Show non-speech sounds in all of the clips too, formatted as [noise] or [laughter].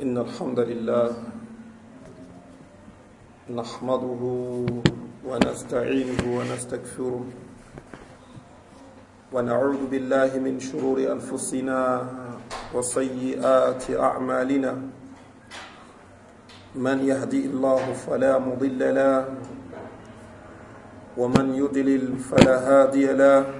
إن الحمد لله نحمده ونستعينه ونستكفره ونعوذ بالله من شرور أنفسنا وسيئات أعمالنا من يهدي الله فلا مضل له ومن يضلل فلا هادي له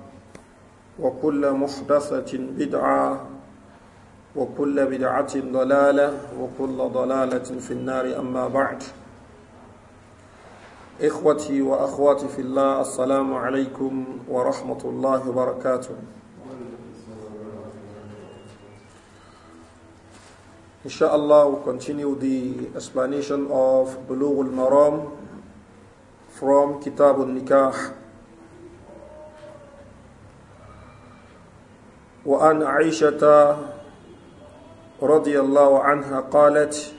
وكل محدثة بدعة وكل بدعة ضلالة وكل ضلالة في النار أما بعد إخوتي وأخواتي في الله السلام عليكم ورحمة الله وبركاته Inshallah, we'll continue the explanation of Bulugul maram from Kitab al-Nikah. وأن عائشة رضي الله عنها قالت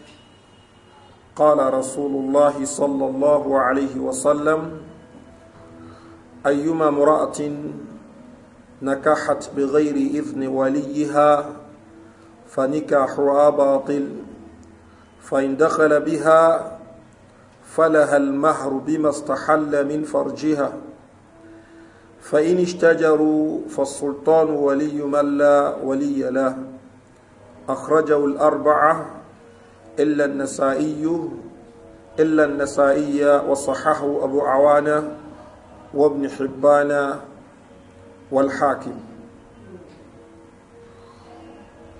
قال رسول الله صلى الله عليه وسلم أيما امرأة نكحت بغير إذن وليها فنكاحها باطل فإن دخل بها فلها المهر بما استحل من فرجها فإن اشتجروا فالسلطان ولي من لا ولي له أخرجوا الأربعة إلا النسائي إلا النسائي وصححه أبو عوانة وابن حبان والحاكم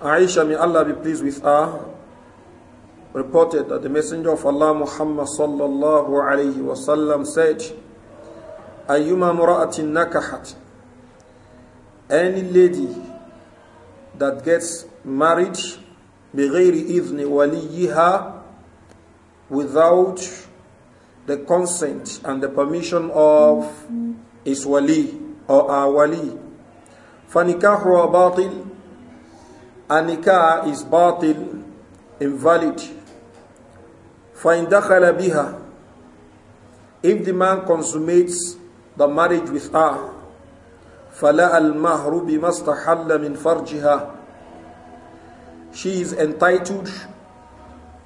Aisha, may Allah be pleased with her, reported that the Messenger of Allah Muhammad sallallahu alayhi wasallam said, Ayuma Mura'atin Nakahat. Any lady that gets married بغير إذن وليها without the consent and the permission of his wali or our wali. فَنِكَاهُ batil Anika is batil, invalid. فَإِنْ دَخَلَ بِهَا If the man consummates the marriage with her. فَلَا الْمَهْرُ بِمَسْتَحَلَّ مِنْ فَرْجِهَا She is entitled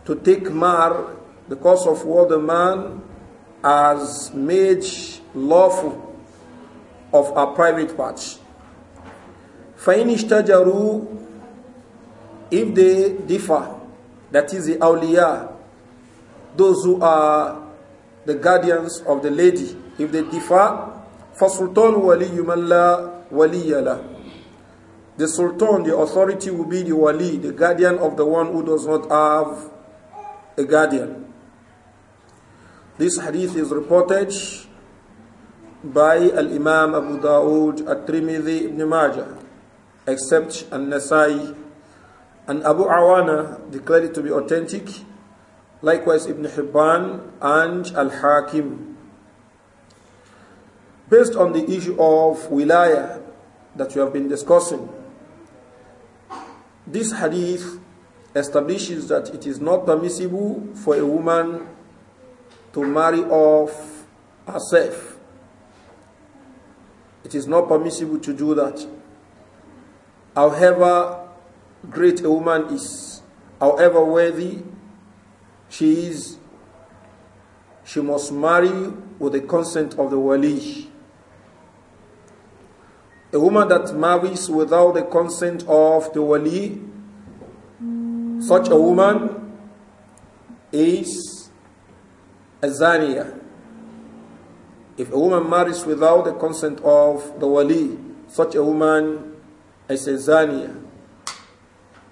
to take mar because of what the man has made lawful of her private parts. فَإِنْ If they differ, that is the awliya, those who are the guardians of the lady, if they differ, فَسُلْطَانُ وَلِيُّ مَنْ لَا وَلِيَّ لَهُ The sultan, the authority will be the wali, the guardian of the one who does not have a guardian. This hadith is reported by Al-Imam Abu Dawood, At-Tirmidhi, Ibn Majah, except An-Nasai. And Abu Awana declared it to be authentic. Likewise Ibn Hibban and Al-Hakim. Based on the issue of wilaya that we have been discussing, this hadith establishes that it is not permissible for a woman to marry off herself. It is not permissible to do that. However great a woman is, however worthy she is, she must marry with the consent of the wali. A woman that marries without the consent of the wali, such a woman is a zania. If a woman marries without the consent of the wali, such a woman is a zania.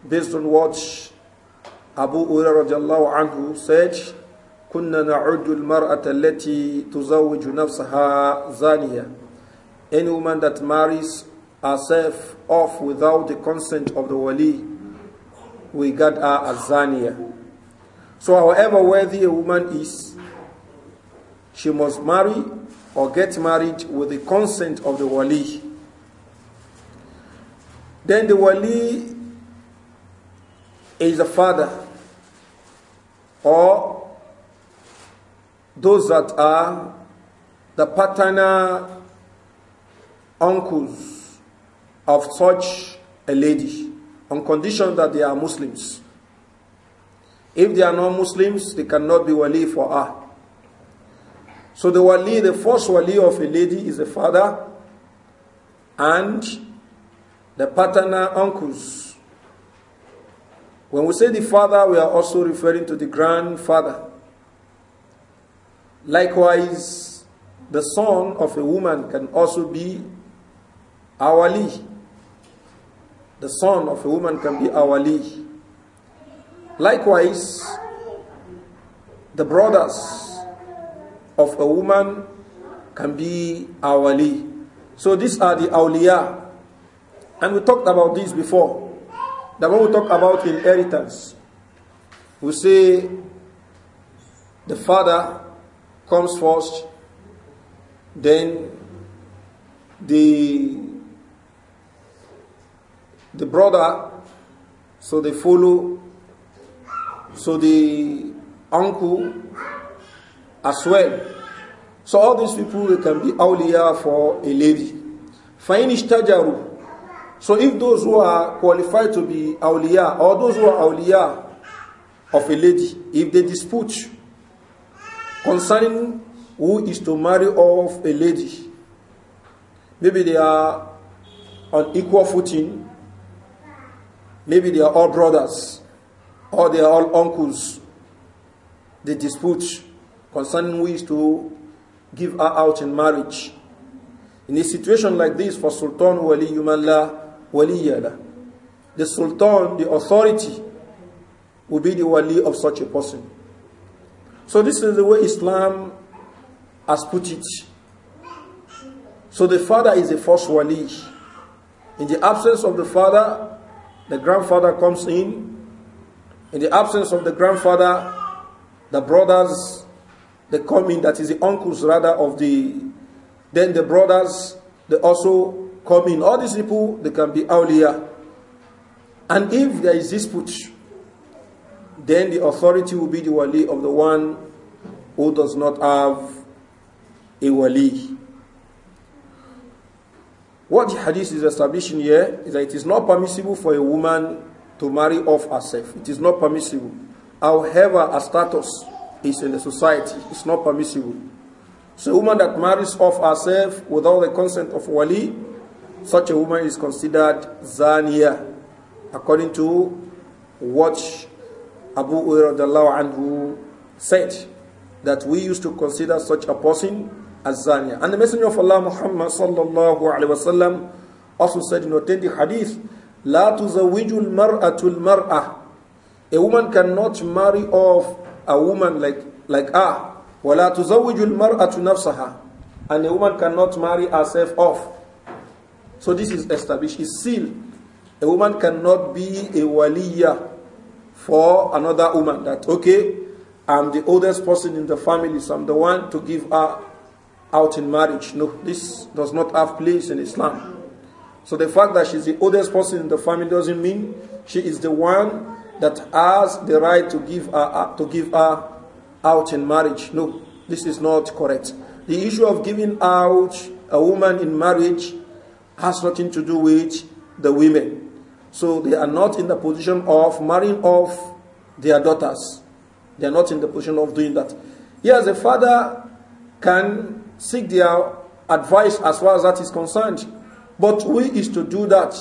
Based on what Abu Radiallahu anhu said, كنا نعد المرأة التي تزوج نفسها زانية any woman that marries herself off without the consent of the wali, we got her as zania. So, however worthy a woman is, she must marry or get married with the consent of the wali. Then the wali is the father or those that are the partner uncles of such a lady on condition that they are Muslims. If they are not Muslims, they cannot be wali for her. So the wali, the first wali of a lady is the father and the paternal uncles. When we say the father, we are also referring to the grandfather. Likewise, the son of a woman can also be Awali. The son of a woman can be Awali. Likewise, the brothers of a woman can be Awali. So these are the Awliya. And we talked about this before. The one we talk about inheritance. We say the father comes first, then the the brother, so they follow, so the uncle as well. So all these people they can be awliya for a lady. فَإِنِ اشْتَجَرُوا So if those who are qualified to be awliya or those who are awliya of a lady, if they dispute concerning who is to marry off a lady, maybe they are on equal footing Maybe they are all brothers or they are all uncles. They dispute concerning who is to give her out in marriage. In a situation like this, for Sultan Wali Waliyala, the Sultan, the authority, will be the wali of such a person. So this is the way Islam has put it. So the father is the first wali. In the absence of the father, the grandfather comes in. In the absence of the grandfather, the brothers, they come in, that is the uncles rather of the, then the brothers, they also come in. All these people, they can be awliya. And if there is dispute, then the authority will be the wali of the one who does not have a wali. What the hadith is establishing here is that it is not permissible for a woman to marry off herself. It is not permissible. However, her status is in the society. It's not permissible. So a woman that marries off herself without the consent of wali, such a woman is considered zania, according to what Abu Uraydallahu said, that we used to consider such a person Azania. And the Messenger of Allah Muhammad sallallahu alayhi wa sallam also said in authentic hadith, La tuzawijul mar'atul mar'ah. A woman cannot marry off a woman like, like ah. وَلَا تُزَوِّجُ الْمَرْأَةُ نَفْسَهَا And a woman cannot marry herself off. So this is established. is sealed. A woman cannot be a waliya for another woman. That, okay, I'm the oldest person in the family, so I'm the one to give her out in marriage. No, this does not have place in Islam. So the fact that she's the oldest person in the family doesn't mean she is the one that has the right to give her, uh, to give her out in marriage. No, this is not correct. The issue of giving out a woman in marriage has nothing to do with the women. So they are not in the position of marrying off their daughters. They are not in the position of doing that. Yes, a father can seek their advice as far as that is concerned. But we is to do that.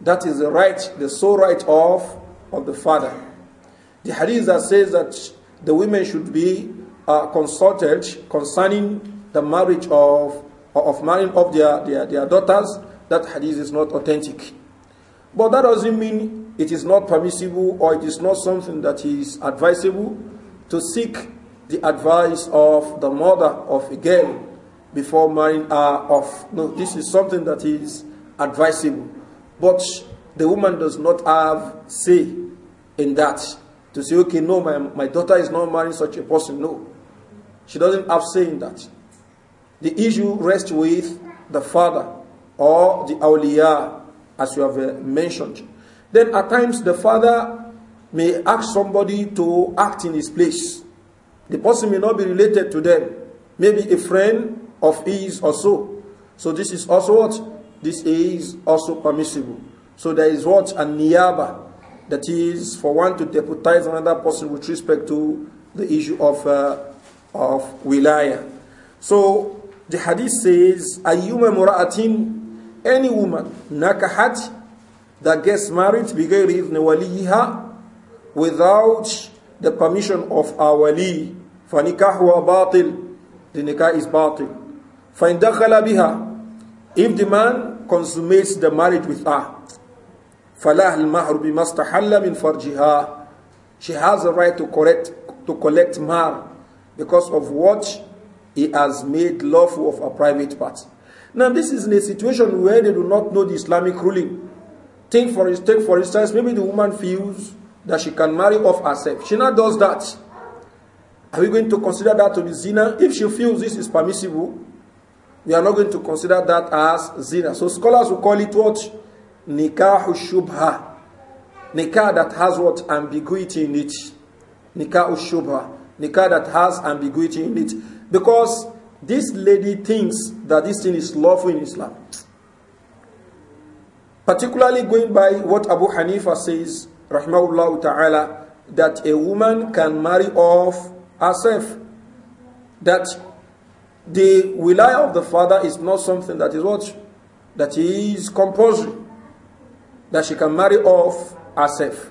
That is the right, the sole right of, of the father. The hadith that says that the women should be uh, consulted concerning the marriage of, of marrying of their, their, their daughters, that hadith is not authentic. But that doesn't mean it is not permissible or it is not something that is advisable to seek the advice of the mother of a girl before marrying her off. No, this is something that is advisable. But the woman does not have say in that. To say, okay, no, my, my daughter is not marrying such a person. No. She doesn't have say in that. The issue rests with the father or the awliya, as you have uh, mentioned. Then at times the father may ask somebody to act in his place. The person may not be related to them, maybe a friend of his or so. So this is also what? This is also permissible. So there is what? A niyaba. That is for one to deputize another person with respect to the issue of, uh, of wilaya. So the hadith says, Ayyuma mura'atin, any woman, nakahat, that gets married, بغير إذن وليها, without the permission of our wali, فَنِكَحْهُ بَاطِلٌ The nikah is batil. فَإِنْ دَخَلَ بِهَا If the man consummates the marriage with her, al فَلَهَ bi بِمَسْتَحَلَّ مِنْ فَرْجِهَا She has a right to, correct, to collect mar because of what he has made lawful of a private part. Now this is in a situation where they do not know the Islamic ruling. Think for, take for instance, maybe the woman feels that she can marry off herself. She now does that. Are we going to consider that to be zina? If she feels this is permissible, we are not going to consider that as zina. So scholars will call it what? Nikah shubha. Nikah that has what? Ambiguity in it. Nikah shubha. Nikah that has ambiguity in it. Because this lady thinks that this thing is lawful in Islam. Particularly going by what Abu Hanifa says rahmahullah ta'ala, that a woman can marry off herself. That the wilaya of the father is not something that is what? That is compulsory. That she can marry off herself.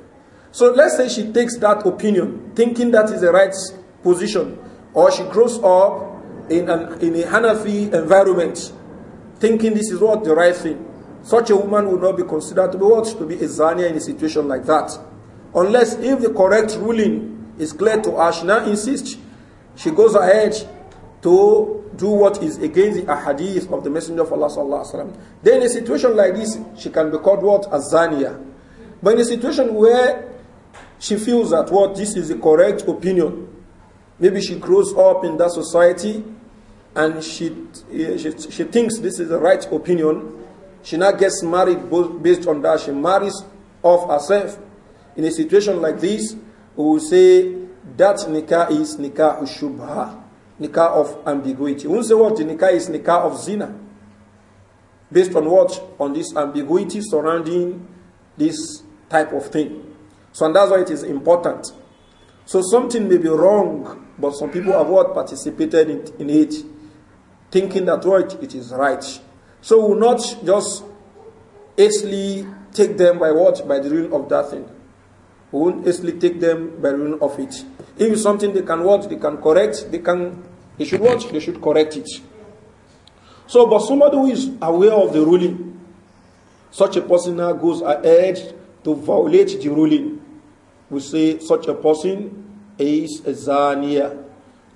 So let's say she takes that opinion, thinking that is the right position, or she grows up in, an, in a Hanafi environment, thinking this is what the right thing. Such a woman will not be considered to be what? To be a zania in a situation like that. Unless if the correct ruling is clear to her, she now insists. She goes ahead to do what is against the ahadith of the Messenger of Allah sallallahu alaihi wasallam. Then in a situation like this, she can be called what? A zania. But in a situation where she feels that what this is the correct opinion, maybe she grows up in that society and she, eh, she, she thinks this is the right opinion, she now gets married based on that. She marries off herself. In a situation like this, we will say that nikah is nikah shubha, nikah of ambiguity. We will say what nikah is nikah of zina. Based on what? On this ambiguity surrounding this type of thing. So, and that's why it is important. So, something may be wrong, but some people have what participated in, in it, thinking that what it is right. So we will not just easily take them by what? By the ruin of that thing. We won't easily take them by ruin of it. If it's something they can watch, they can correct, they can they should watch, they should correct it. So, but somebody who is aware of the ruling, such a person now goes ahead to violate the ruling. We say such a person is a zania.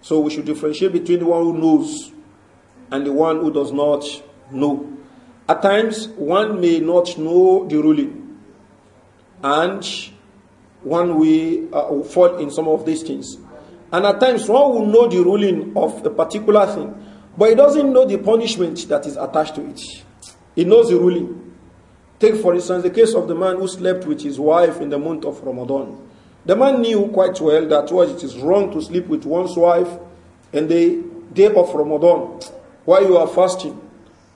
So we should differentiate between the one who knows and the one who does not no. At times, one may not know the ruling, and one will uh, fall in some of these things. And at times, one will know the ruling of a particular thing, but he doesn't know the punishment that is attached to it. He knows the ruling. Take, for instance, the case of the man who slept with his wife in the month of Ramadan. The man knew quite well that well, it is wrong to sleep with one's wife in the day of Ramadan while you are fasting.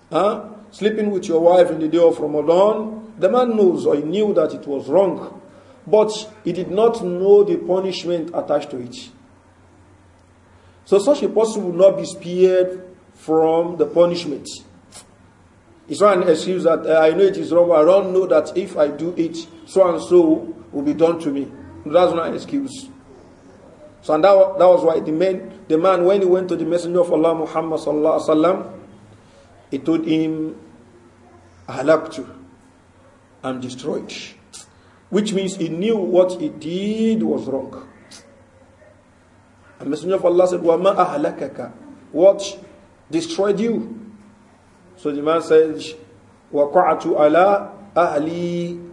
Huh? Sleeping with your wife in the day of Ramadan, the man knows or he knew that it was wrong, but he did not know the punishment attached to it. So such a person will not be spared from the punishment. It's not an excuse that uh, I know it is wrong, I don't know that if I do it, so and so will be done to me. That's not an excuse. So and that, that was why the man, the man when he went to the Messenger of Allah Muhammad sallallahu alaihi wasallam, he told him, you. I'm destroyed. Which means he knew what he did was wrong. And Messenger of Allah said, Wama ahlakaka. What destroyed you? So the man says, Waqa'atu ala ahli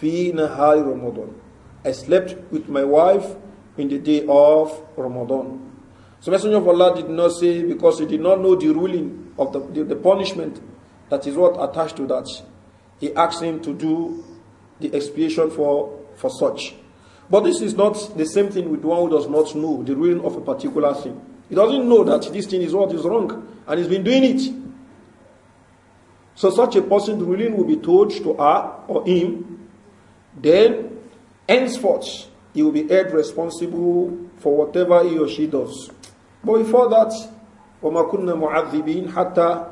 fi nahari Ramadan. I slept with my wife in the day of Ramadan. So Messenger of Allah did not say because he did not know the ruling of the, the, the punishment that is what attached to that. He asks him to do the expiation for, for such. But this is not the same thing with one who does not know the ruling of a particular thing. He doesn't know that this thing is what is wrong and he's been doing it. So such a person's ruling will be told to her or him. Then, henceforth, he will be held responsible for whatever he or she does. But before that, وَمَا كُنَّا مُعَذِّبِينَ حَتَّى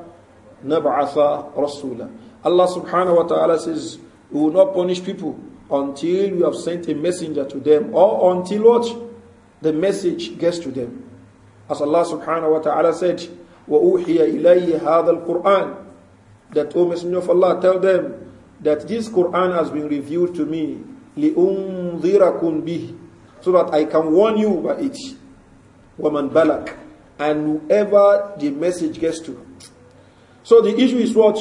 نَبْعَثَ رَسُولًا Allah subhanahu wa ta'ala says, We will not punish people until we have sent a messenger to them or until what? The message gets to them. As Allah subhanahu wa ta'ala said, وَأُوحِيَ إِلَيَّ هَذَا الْقُرْآنِ That, O Messenger of Allah, tell them that this Qur'an has been revealed to me لِأُنذِرَكُمْ بِهِ So that I can warn you by it. وَمَنْ بَلَكَ and whoever the message gets to. So the issue is what?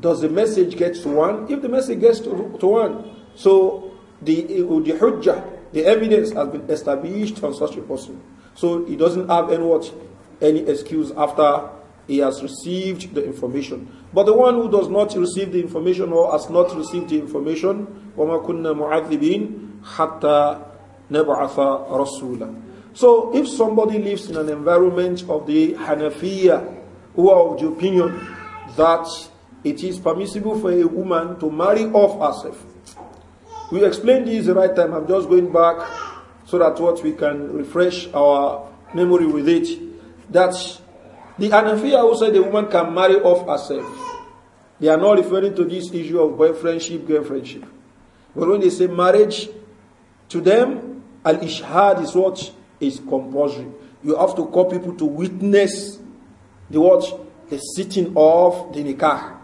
Does the message get to one? If the message gets to, to one, so the, the hujjah, the evidence has been established on such a person. So he doesn't have any what? Any excuse after he has received the information. But the one who does not receive the information or has not received the information, وَمَا كُنَّا مُعَذِّبِينَ حَتَّى نَبْعَثَ رَسُولًا so if somebody lives in an environment of the Hanafiya, who are of the opinion that it is permissible for a woman to marry off herself. We explained this the right time. I'm just going back so that what we can refresh our memory with it. That the Hanafiya who said a woman can marry off herself. They are not referring to this issue of boyfriendship, girlfriendship. But when they say marriage, to them, al-ishhad is what is compulsory. You have to call people to witness the watch, the sitting of the nikah.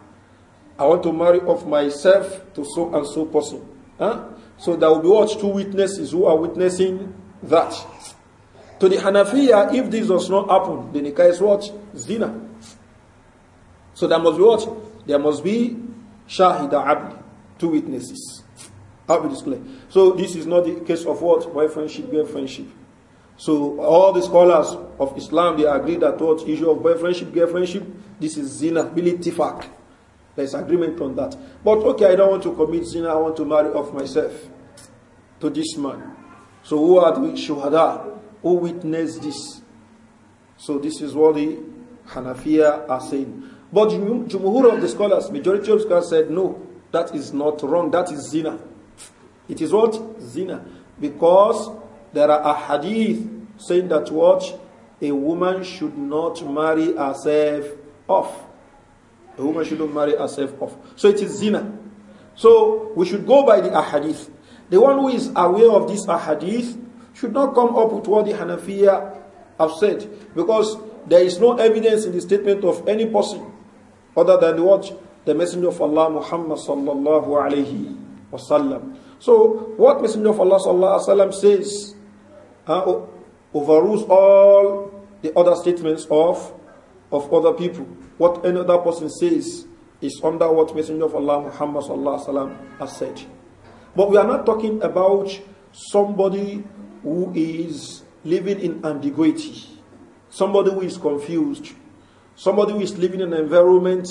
I want to marry off myself to so and so person. Huh? So there will be what two witnesses who are witnessing that. To the Hanafiya, if this does not happen, the nikah is what? Zina. So there must be what? There must be shahida abdi, two witnesses. How we display. So this is not the case of what? Boyfriendship, girlfriendship. So all the scholars of Islam, they agree that what issue of boyfriendship, girlfriendship, this is zina, fact. There's agreement on that. But okay, I don't want to commit zina, I want to marry off myself to this man. So who are the shuhada? Who witnessed this? So this is what the Hanafiya are saying. But Jumuhur of the scholars, majority of scholars said, no, that is not wrong. That is zina. It is what? Zina. Because there are a hadith saying that what a woman should not marry herself off. A woman shouldn't marry herself off. So it is zina. So we should go by the ahadith. The one who is aware of this ahadith should not come up with what the Hanafiya have said because there is no evidence in the statement of any person other than what the Messenger of Allah Muhammad sallallahu alayhi wasallam. So what Messenger of Allah sallallahu alayhi wasallam says uh, overrules all the other statements of, of other people. What another person says is under what Messenger of Allah Muhammad has said. But we are not talking about somebody who is living in ambiguity, somebody who is confused, somebody who is living in an environment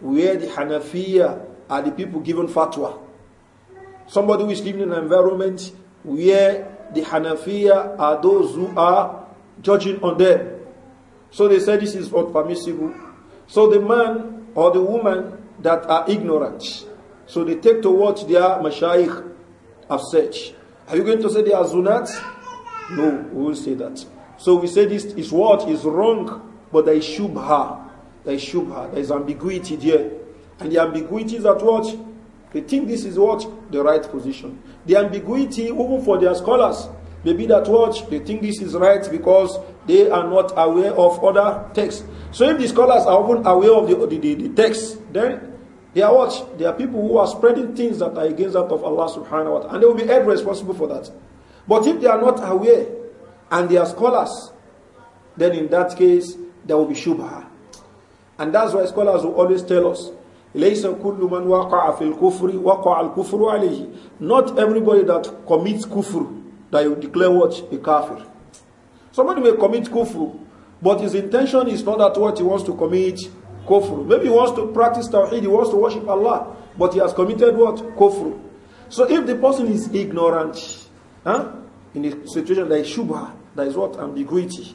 where the Hanafiya are the people given fatwa, somebody who is living in an environment where the Hanafiya are those who are judging on them. So they say this is not permissible. So the man or the woman that are ignorant, so they take to what their mashayikh have said. Are you going to say they are zunat? No, we won't say that. So we say this is what is wrong, but there is shubha. There is shubha. There is ambiguity there. And the ambiguity is at what? They think this is what? The right position the ambiguity even for their scholars maybe that what they think this is right because they are not aware of other texts so if the scholars are even aware of the, the, the, the text then they are what they are people who are spreading things that are against that of allah subhanahu wa ta'ala and they will be held responsible for that but if they are not aware and they are scholars then in that case there will be shubha and that's why scholars will always tell us لَيْسَ كُلُّ مَنْ وَقَعَ فِي الْكُفْرِ وَقَعَ الْكُفْرُ عَلَيْهِ Not everybody that commits kufr, that you declare what? A kafir. Somebody may commit kufr, but his intention is not that what he wants to commit kufr. Maybe he wants to practice tawhid, he wants to worship Allah, but he has committed what? Kufr. So if the person is ignorant, huh? in a situation like shubha, there is what? Ambiguity.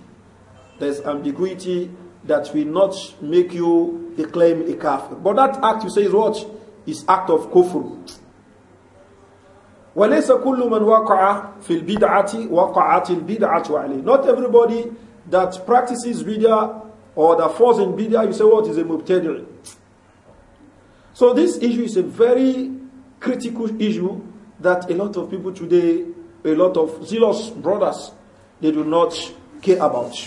There is ambiguity that will not make you declare a kafir. But that act you say is what? Is act of kufr. a كل من وقع في البدعة وقعت البدعة عليه. Not everybody that practices bid'ah or that falls in bid'ah, you say what is a mubtadi'. So this issue is a very critical issue that a lot of people today, a lot of zealous brothers, they do not care about.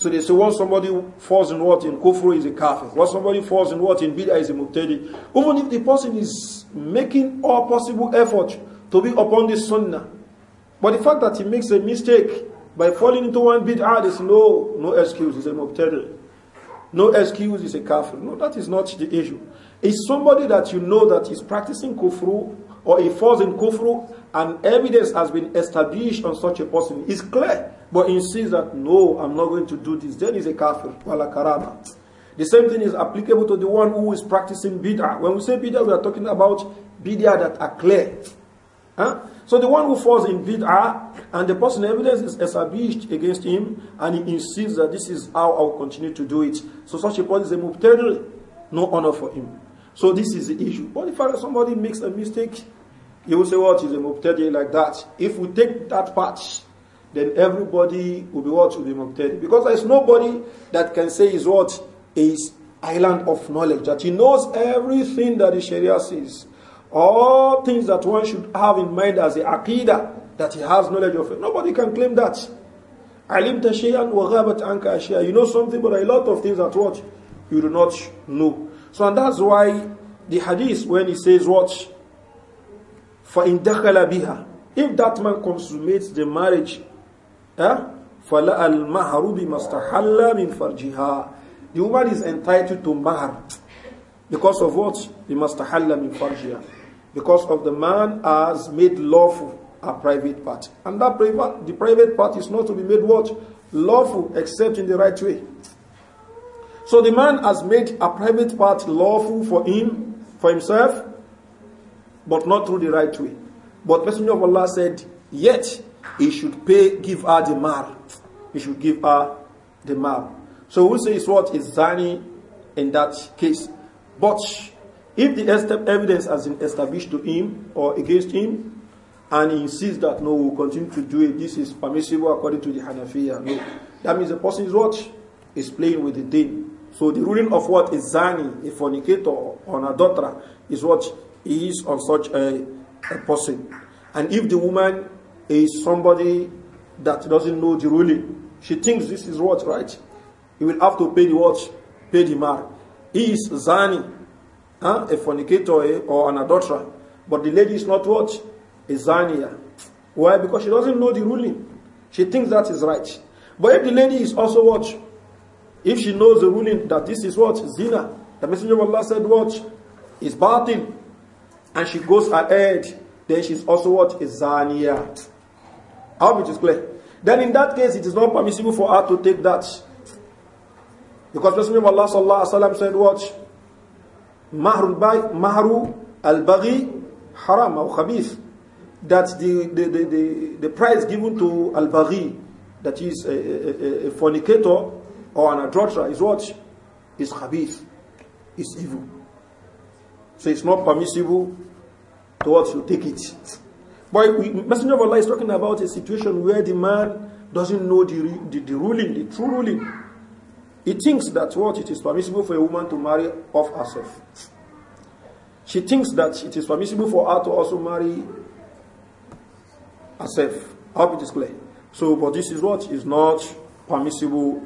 So they say, once somebody falls in what in kufru is a kafir. Once somebody falls in what in bid'ah is a mubtadi. Even if the person is making all possible effort to be upon the sunnah, but the fact that he makes a mistake by falling into one bid'ah, there's no no excuse. Is a mubtadi. No excuse. is a kafir. No, that is not the issue. It's somebody that you know that is practicing kufru or he falls in kufru and evidence has been established on such a person is clear, but insists that no, I'm not going to do this, then he's a kafir, wala karama. The same thing is applicable to the one who is practicing bid'ah. When we say bid'ah, we are talking about bid'ah that are clear. Huh? So the one who falls in bid'ah and the person evidence is established against him and he insists that this is how I'll continue to do it. So such a person is a mubtadi, no honor for him. So this is the issue. But if somebody makes a mistake, you will say, what is a mubtadi like that? If we take that part, then everybody will be what? Will be mubtadi. Because there is nobody that can say is what? Is island of knowledge. That he knows everything that the Sharia says. All things that one should have in mind as a aqidah, that he has knowledge of it. Nobody can claim that. Alim شيئا وغابت anka You know something, but a lot of things that what? You do not know. So and that's why the hadith when he says watch for indakala biha if that man consummates the marriage eh? فَلَا الْمَهْرُ بِمَسْتَحَلَّ مِنْ فَرْجِهَا The woman is entitled to mahar because of what? بِمَسْتَحَلَّ مِنْ فَرْجِهَا Because of the man has made lawful a private part. And that private, the private part is not to be made what? Lawful except in the right way. So the man has made a private part lawful for him, for himself, but not through the right way. But Messenger of Allah said, yet he should pay, give her the mar. He should give her the mar. So we say it's what is zani in that case. But if the evidence has been established to him or against him, and he insists that no, we'll continue to do it, this is permissible according to the Hanafiya. No. That means the person is what? Is playing with the deen. So the ruling of what is zani, a fornicator or an adulterer, is what is on such a, a person. And if the woman is somebody that doesn't know the ruling, she thinks this is what right. You will have to pay the what, pay the mark. He is zani, huh? a fornicator eh, or an adulterer, but the lady is not what a zania. Why? Because she doesn't know the ruling. She thinks that is right. But if the lady is also what if she knows the ruling that this is what? Zina. The Messenger of Allah said what? Is batil. And she goes ahead. Then she's also what? Is zaniyat. I hope it is clear. Then in that case, it is not permissible for her to take that. Because Messenger of Allah sallallahu said what? Mahru al-baghi haram or khabith. That the, the, the, the, the price given to al-baghi, that is a, a, a fornicator, or an adulterer is what? Is khabith, is evil. So it's not permissible to what you take it. But we, Messenger of Allah is talking about a situation where the man doesn't know the, the, the ruling, the true ruling. He thinks that what it is permissible for a woman to marry off herself. She thinks that it is permissible for her to also marry herself. I hope it is clear. So, but this is what is not permissible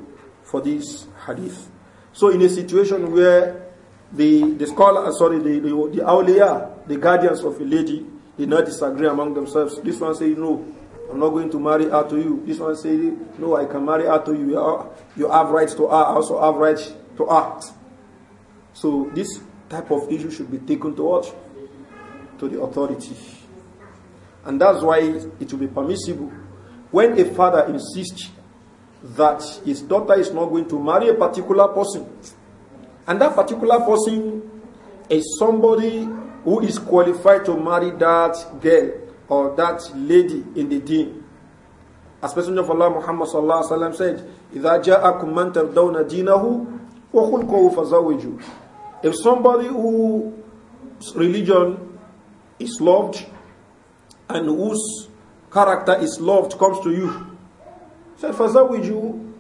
for this hadith. So in a situation where the, the scholar, uh, sorry, the, the, the awliya, the guardians of a lady, did not disagree among themselves. This one said, no, I'm not going to marry her to you. This one said, no, I can marry her to you. You, you have rights to her, I also have rights to act. So this type of issue should be taken to what? To the authority. And that's why it will be permissible. When a father insists that his daughter is not going to marry a particular person. And that particular person is somebody who is qualified to marry that girl or that lady in the deen. As Messenger of Allah Muhammad sallallahu alaihi wasallam said, "Idha ja'akum man tardawna dinahu wa khulquhu If somebody whose religion is loved and whose character is loved comes to you, said, you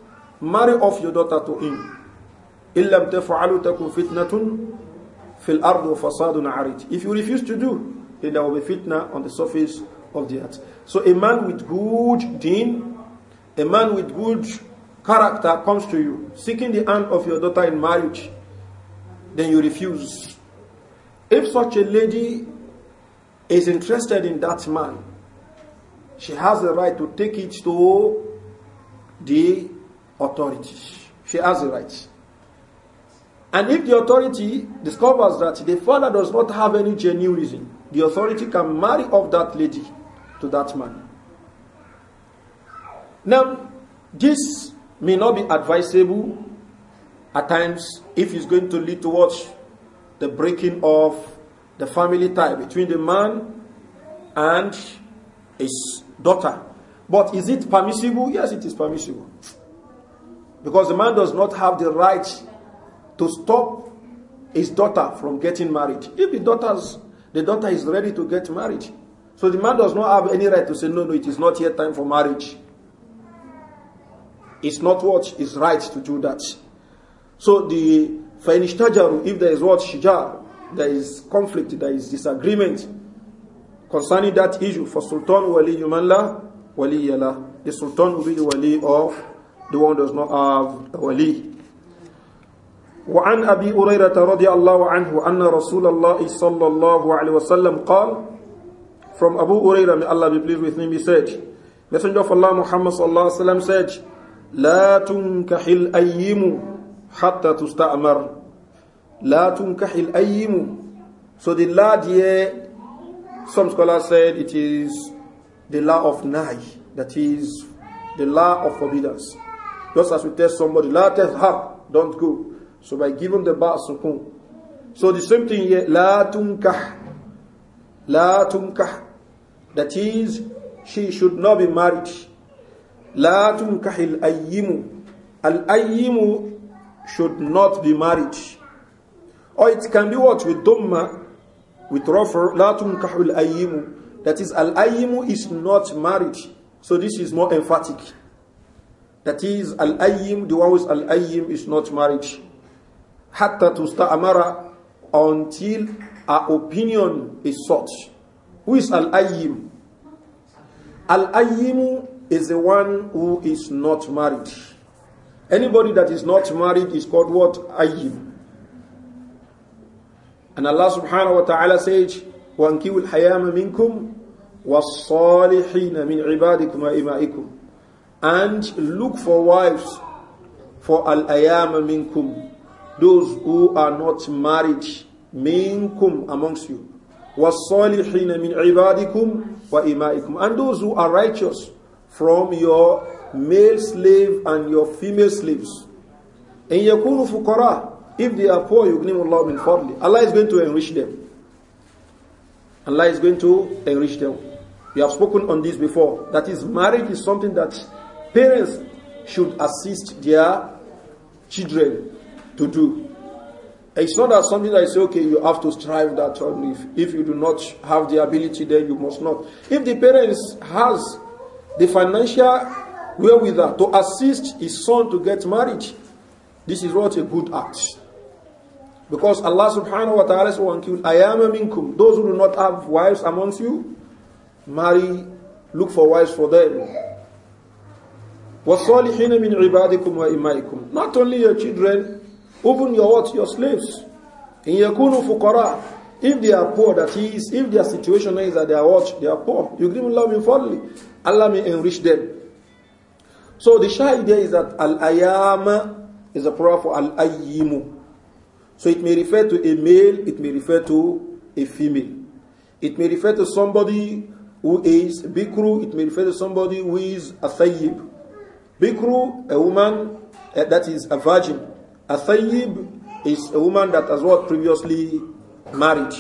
Marry off your daughter to him. Illam تَفْعَلُوا تَكُنْ fitnatun fil الْأَرْضِ fasadun عَرِيجٌ If you refuse to do, then there will be fitna on the surface of the earth. So a man with good deen, a man with good character comes to you, seeking the hand of your daughter in marriage, then you refuse. If such a lady is interested in that man, she has the right to take it to the authority. She has the right. And if the authority discovers that the father does not have any genuine reason, the authority can marry off that lady to that man. Now, this may not be advisable at times if it's going to lead towards the breaking of the family tie between the man and his daughter but is it permissible? Yes, it is permissible. Because the man does not have the right to stop his daughter from getting married. If the, daughter's, the daughter is ready to get married, so the man does not have any right to say, no, no, it is not yet time for marriage. It's not what is right to do that. So the Fainishtajaru, if there is what shijar, there is conflict, there is disagreement concerning that issue for Sultan Wali Yumanla, Wali waliyala. The sultan will be the wali of the one who does not have a wali. وعن أبي هريرة رضي الله عنه أن رسول الله صلى الله عليه وسلم قال From Abu Hurairah, may Allah be pleased with him, he said, Messenger of Allah Muhammad صلى الله عليه وسلم said, لا تنكح الأيم حتى تستأمر لا تنكح الأيم So the lad here, some scholars said it is the law of nahi, that is the law of forbiddance. Just as we tell somebody, la tazhab, don't go. So by giving the ba' sukun. So the same thing here, la tunkah, la tunkah, that is she should not be married. La tunkah al ayyimu, al ayyimu should not be married. Or it can be what with duma, with rougher, la tunkah al ayyimu. That is, Al Ayimu is not married. So this is more emphatic. That is, Al al-ayim, the one with Al ayim is not married. Hatta to Amara until our opinion is sought. Who is Al is Al Ayimu is the one who is not married. Anybody that is not married is called what? ayim. And Allah subhanahu wa ta'ala says, وانكيو الحيام منكم والصالحين من عبادكم وإمائكم and look for wives for الأيام منكم those who are not married منكم amongst you والصالحين من عبادكم وإمائكم and those who are righteous from your male slave and your female slaves إن يكونوا فقراء if they are poor يغنم الله من فضله Allah is going to enrich them Allah is going to enrich them. We have spoken on this before. That is, marriage is something that parents should assist their children to do. It's not that something that say, okay, you have to strive that on. If, if you do not have the ability, then you must not. If the parents has the financial wherewithal to assist his son to get married, this is what a good act. Because Allah subhanahu wa ta'ala says one kill. Ayama minkum. Those who do not have wives amongst you, marry, look for wives for them. وَالصَّالِحِينَ مِنْ عِبَادِكُمْ وَإِمَائِكُمْ Not only your children, even your what? Your slaves. In يَكُونُوا فُقَرَاء If they are poor, that is, if their situation is that they are what? They are poor. You give them love fondly. Allah may enrich them. So the shy idea is that al-ayama is a prayer for al-ayyimu. So it may refer to a male, it may refer to a female. It may refer to somebody who is bikru, it may refer to somebody who is a thayyib. Bikru, a woman uh, that is a virgin. A thayyib is a woman that has what previously married.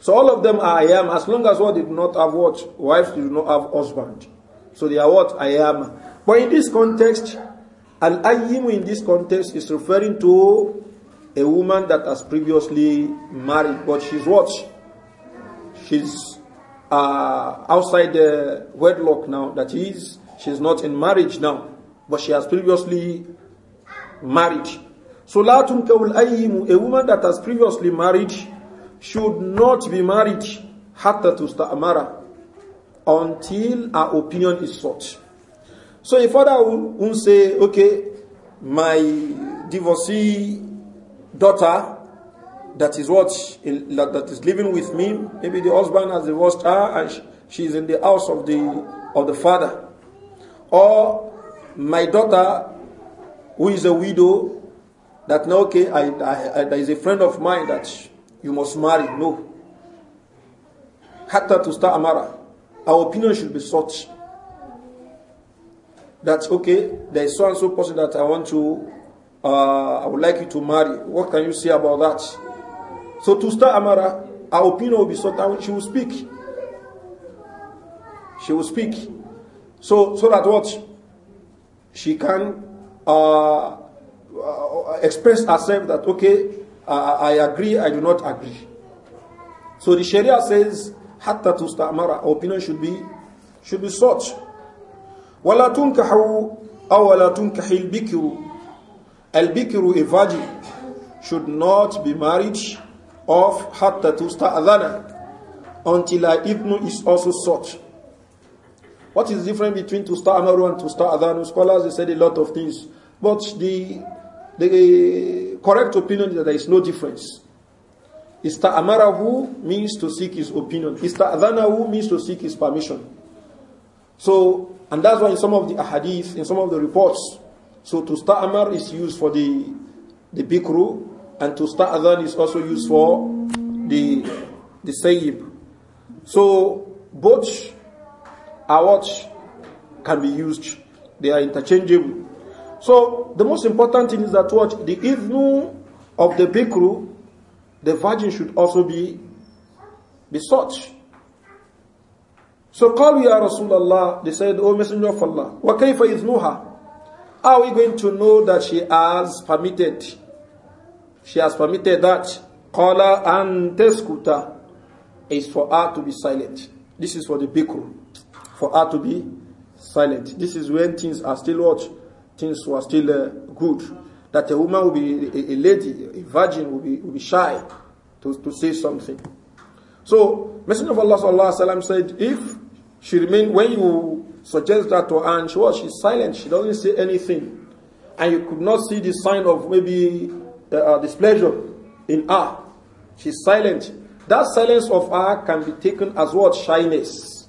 So all of them are ayam as long as what they do not have what wives they do not have husband. So they are what ayam. But in this context, al ayyimu in this context is referring to a woman that has previously married, but she's what? She's uh, outside the wedlock now. That is, she's not in marriage now, but she has previously married. So a woman that has previously married, should not be married hatta tusta'amara until her opinion is sought. So a father won't say, okay, my divorcee daughter that is what that is living with me. Maybe the husband has divorced her and she is in the house of the of the father. Or my daughter who is a widow that now okay I, I, I, there is a friend of mine that you must marry. No. Hatta to start amara. Our opinion should be such that okay, there is so and so person that I want to uh, I would like you to marry. What can you say about that? So to start Amara, our opinion will be sought out. She will speak. She will speak. So, so that what? She can uh, uh express herself that, okay, I, I agree, I do not agree. So the Sharia says, hatta Amara, our opinion should be, should be sought. وَلَا تُنْكَحُوا أَوْ وَلَا تُنْكَحِ الْبِكِرُ Al Bikru, a virgin, should not be married of Hatta adana until her Ibnu is also sought. What is the difference between Amaru and adana? Scholars they said a lot of things, but the, the uh, correct opinion is that there is no difference. Ista'amarahu means to seek his opinion. Ista'adhanahu means to seek his permission. So, and that's why in some of the ahadith, in some of the reports, so to sta'amar is used for the the bikru, and to sta'adhan is also used for the the sayyib. So both are what can be used. They are interchangeable. So the most important thing is that what the idnu of the bikru, the virgin should also be be such. So قالوا يا رسول الله they said O Messenger of Allah وكيف إذنها how are we going to know that she has permitted? She has permitted that. Qala an teskuta is for her to be silent. This is for the people, For her to be silent. This is when things are still what? Things were still uh, good. That a woman will be, a, a, lady, a virgin will be, will be shy to, to say something. So, Messenger of Allah said, if she remained, when you suggests that to her, and she was she's silent. She doesn't say anything, and you could not see the sign of maybe uh, uh, displeasure in her. She's silent. That silence of her can be taken as what shyness,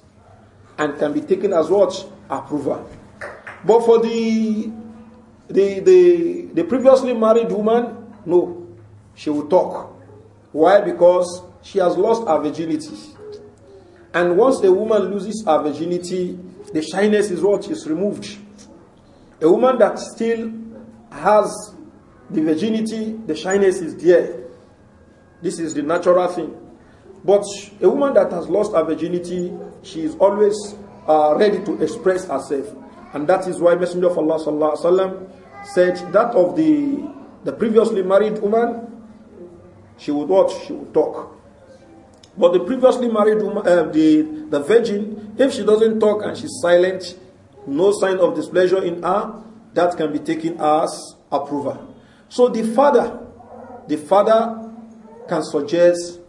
and can be taken as what approval. But for the the the, the previously married woman, no, she will talk. Why? Because she has lost her virginity. And once a woman loses her virginity, the shyness is what is removed. A woman that still has the virginity, the shyness is there. This is the natural thing. But a woman that has lost her virginity, she is always uh, ready to express herself. And that is why Messenger of Allah sallallahu alaihi wasallam said that of the, the previously married woman, she would watch, she would talk. But the previously married woman, uh, the, the virgin, if she doesn't talk and she's silent, no sign of displeasure in her, that can be taken as approval. So the father, the father can suggest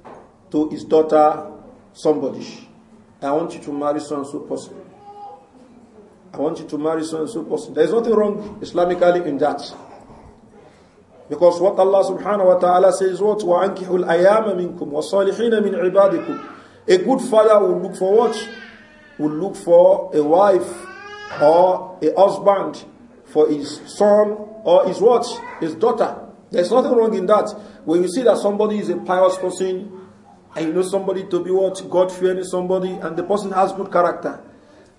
to his daughter somebody. I want you to marry so and so person. I want you to marry so and so person. There is nothing wrong Islamically in that. Because what Allah subhanahu wa ta'ala says what? wa وَأَنْكِحُ الْأَيَامَ wa وَالصَّالِحِينَ min عِبَادِكُمْ A good father will look for what? Will look for a wife or a husband for his son or his what? His daughter. There's nothing wrong in that. When you see that somebody is a pious person and you know somebody to be what? God-fearing somebody and the person has good character.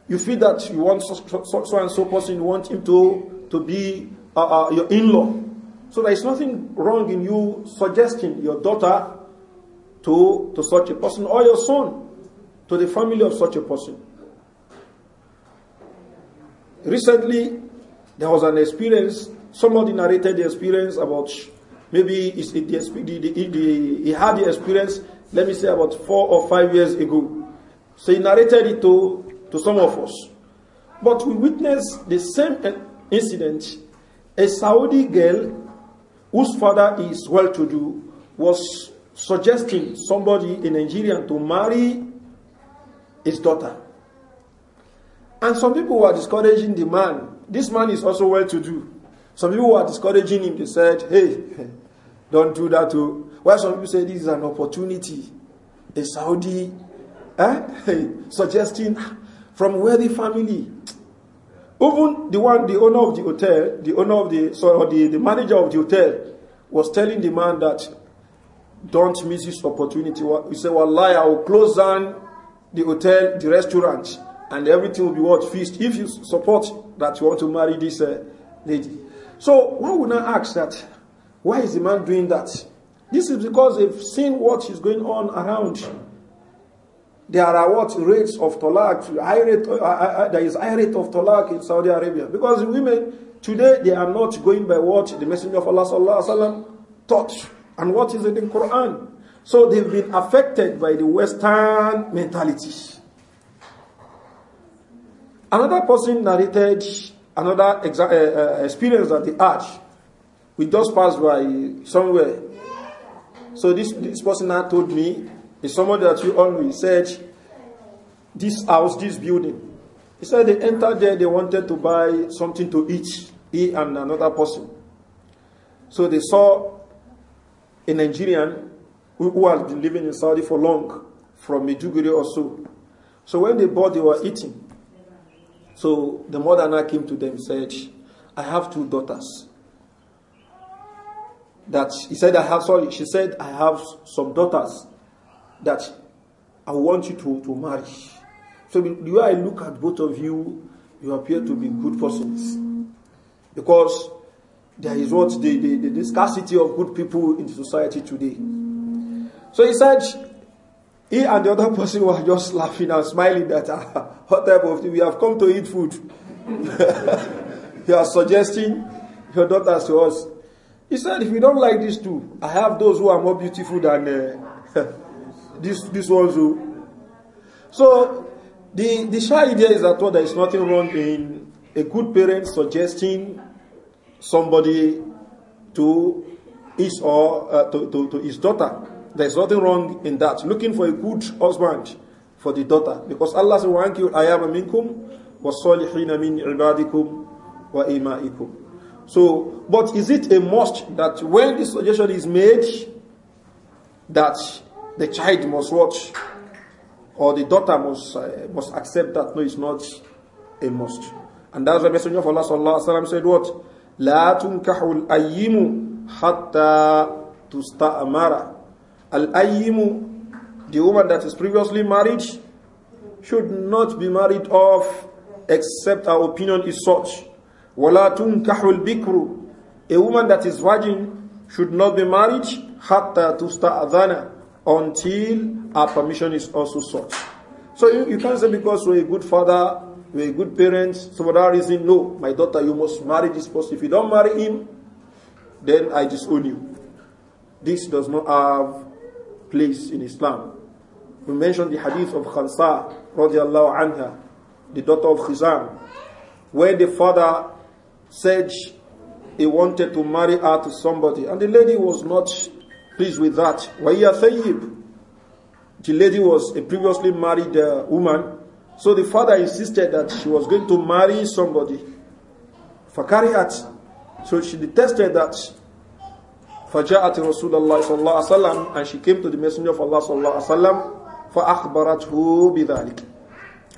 You feel that you want so, so, so and so person, you want him to, to be uh, uh, your in-law so there is nothing wrong in you suggesting your daughter to, to such a person or your son to the family of such a person. Recently, there was an experience, somebody narrated the experience about maybe it's, it, the, the, the, he had the experience, let me say, about four or five years ago. So he narrated it to, to some of us. But we witnessed the same incident. A Saudi girl whose father is well to do, was suggesting somebody, a Nigerian, to marry his daughter. And some people were discouraging the man. This man is also well to do. Some people were discouraging him. They said, hey, [laughs] don't do that. Too. Oh. well, some people say this is an opportunity. A Saudi eh? [laughs] suggesting ah, from wealthy family. Even the one, the owner of the hotel, the owner of the, sorry, the, the manager of the hotel was telling the man that, don't miss this opportunity. He said, Wallahi, I will close down the hotel, the restaurant, and everything will be worth feast if you support that you want to marry this uh, lady. So one would not ask that, why is the man doing that? This is because they've seen what is going on around. There are what rates of talaq, high rate, uh, uh, uh, there is high rate of talaq in Saudi Arabia. Because women today, they are not going by what the Messenger of Allah sallallahu alaihi wasallam taught and what is in Quran. So they've been affected by the Western mentality. Another person narrated another exa- uh, uh experience that the arch. We just passed by somewhere. So this, this person now told me it's someone that you all know. He said, This house, this building. He said they entered there, they wanted to buy something to eat, he and another person. So they saw a Nigerian who, who had been living in Saudi for long, from Medjugorje or so. So when they bought, they were eating. So the mother now came to them and said, I have two daughters. That he said, I have, sorry, she said, I have some daughters that I want you to, to marry. So the way I look at both of you, you appear to be good persons. Because there is what the, the, the scarcity of good people in society today. So he said, he and the other person were just laughing and smiling that uh, what type of thing we have come to eat food. [laughs] you are suggesting your daughters to us. He said, if we don't like these two, I have those who are more beautiful than. Uh, [laughs] this this one's So the the shy idea is that there is nothing wrong in a good parent suggesting somebody to his or uh, to, to, to his daughter. There's nothing wrong in that. Looking for a good husband for the daughter. Because Allah says, وَأَنْكِيُ الْأَيَامَ مِنْكُمْ وَالصَّالِحِينَ مِنْ عِبَادِكُمْ وَإِمَائِكُمْ So, but is it a must that when this suggestion is made, that the child must watch, or the daughter must uh, must accept that no, it's not a must. And that's why Messenger of Allah sallallahu alaihi said, "What لا tunkahul ayyimu حتى tusta'mara." Al the woman that is previously married, should not be married off except our opinion is such. ولا tunkahul bikru, a woman that is virgin should not be married حتى tusta'dhana until our permission is also sought. So you, you can't say because we're a good father, we're a good parent, so for that reason, no, my daughter, you must marry this person. If you don't marry him, then I disown you. This does not have place in Islam. We mentioned the hadith of Khansa, radiallahu anha, the daughter of Khizan, where the father said he wanted to marry her to somebody, and the lady was not pleased with that. Waya Thayyib. The lady was a previously married uh, woman. So the father insisted that she was going to marry somebody. Fakariat. So she detested that. فجاءت Rasulullah sallallahu صلى الله and she came to the messenger of Allah صلى الله عليه وسلم فأخبرته بذلك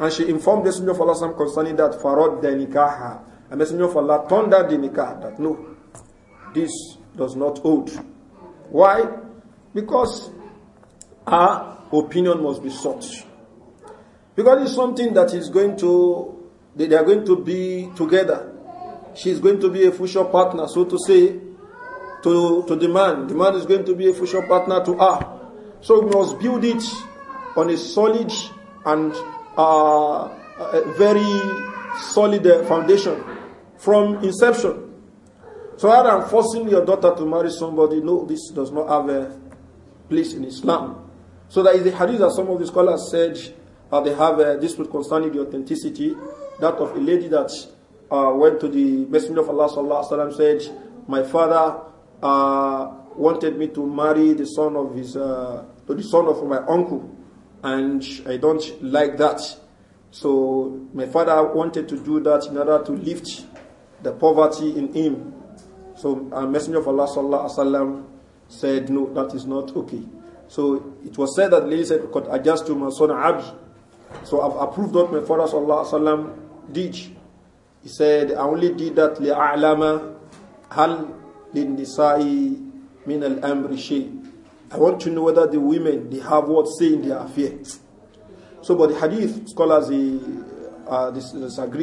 and she informed the messenger of Allah concerning that farad the nikaha and messenger of Allah turned down the nikah that no this does not hold why? Because our opinion must be sought. Because it's something that is going to, they are going to be together. She's going to be a future partner, so to say, to, to the man. The man is going to be a future partner to her. So we must build it on a solid and uh, a very solid uh, foundation from inception. So rather than forcing your daughter to marry somebody, no, this does not have a place in Islam. So that is the hadith that some of the scholars said uh, they have a dispute concerning the authenticity, that of a lady that uh, went to the Messenger of Allah sallallahu alaihi wasallam said, "My father uh, wanted me to marry the son of his, uh, to the son of my uncle, and I don't like that. So my father wanted to do that in order to lift the poverty in him. So a uh, messenger of Allah sallallahu alaihi wasallam said, no, that is not okay. So it was said that the lady said, "Qad my son abdi." So I've approved what my father sallallahu alaihi wasallam did. He said, "I only did that li a'lama hal lin nisa'i min al amri shay." I want to know whether the women they have what say in their affairs. So, but the hadith scholars they, uh,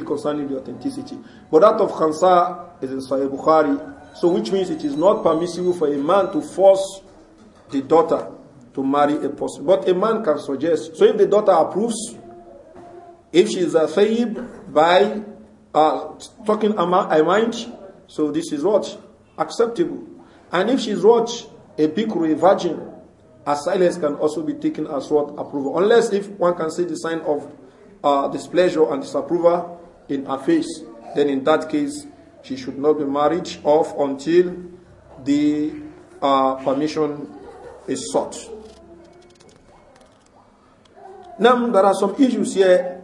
concerning the authenticity. But that of Khansa is in Sahih Bukhari so, which means it is not permissible for a man to force the daughter to marry a person. But a man can suggest. So, if the daughter approves, if she is a thayyib by uh, talking I mind, so this is what? Acceptable. And if she is what? A bikru, a virgin, a silence can also be taken as what? Approval. Unless if one can see the sign of uh, displeasure and disapproval in her face, then in that case, she should not be married off until the uh, permission is sought. Now, there are some issues here.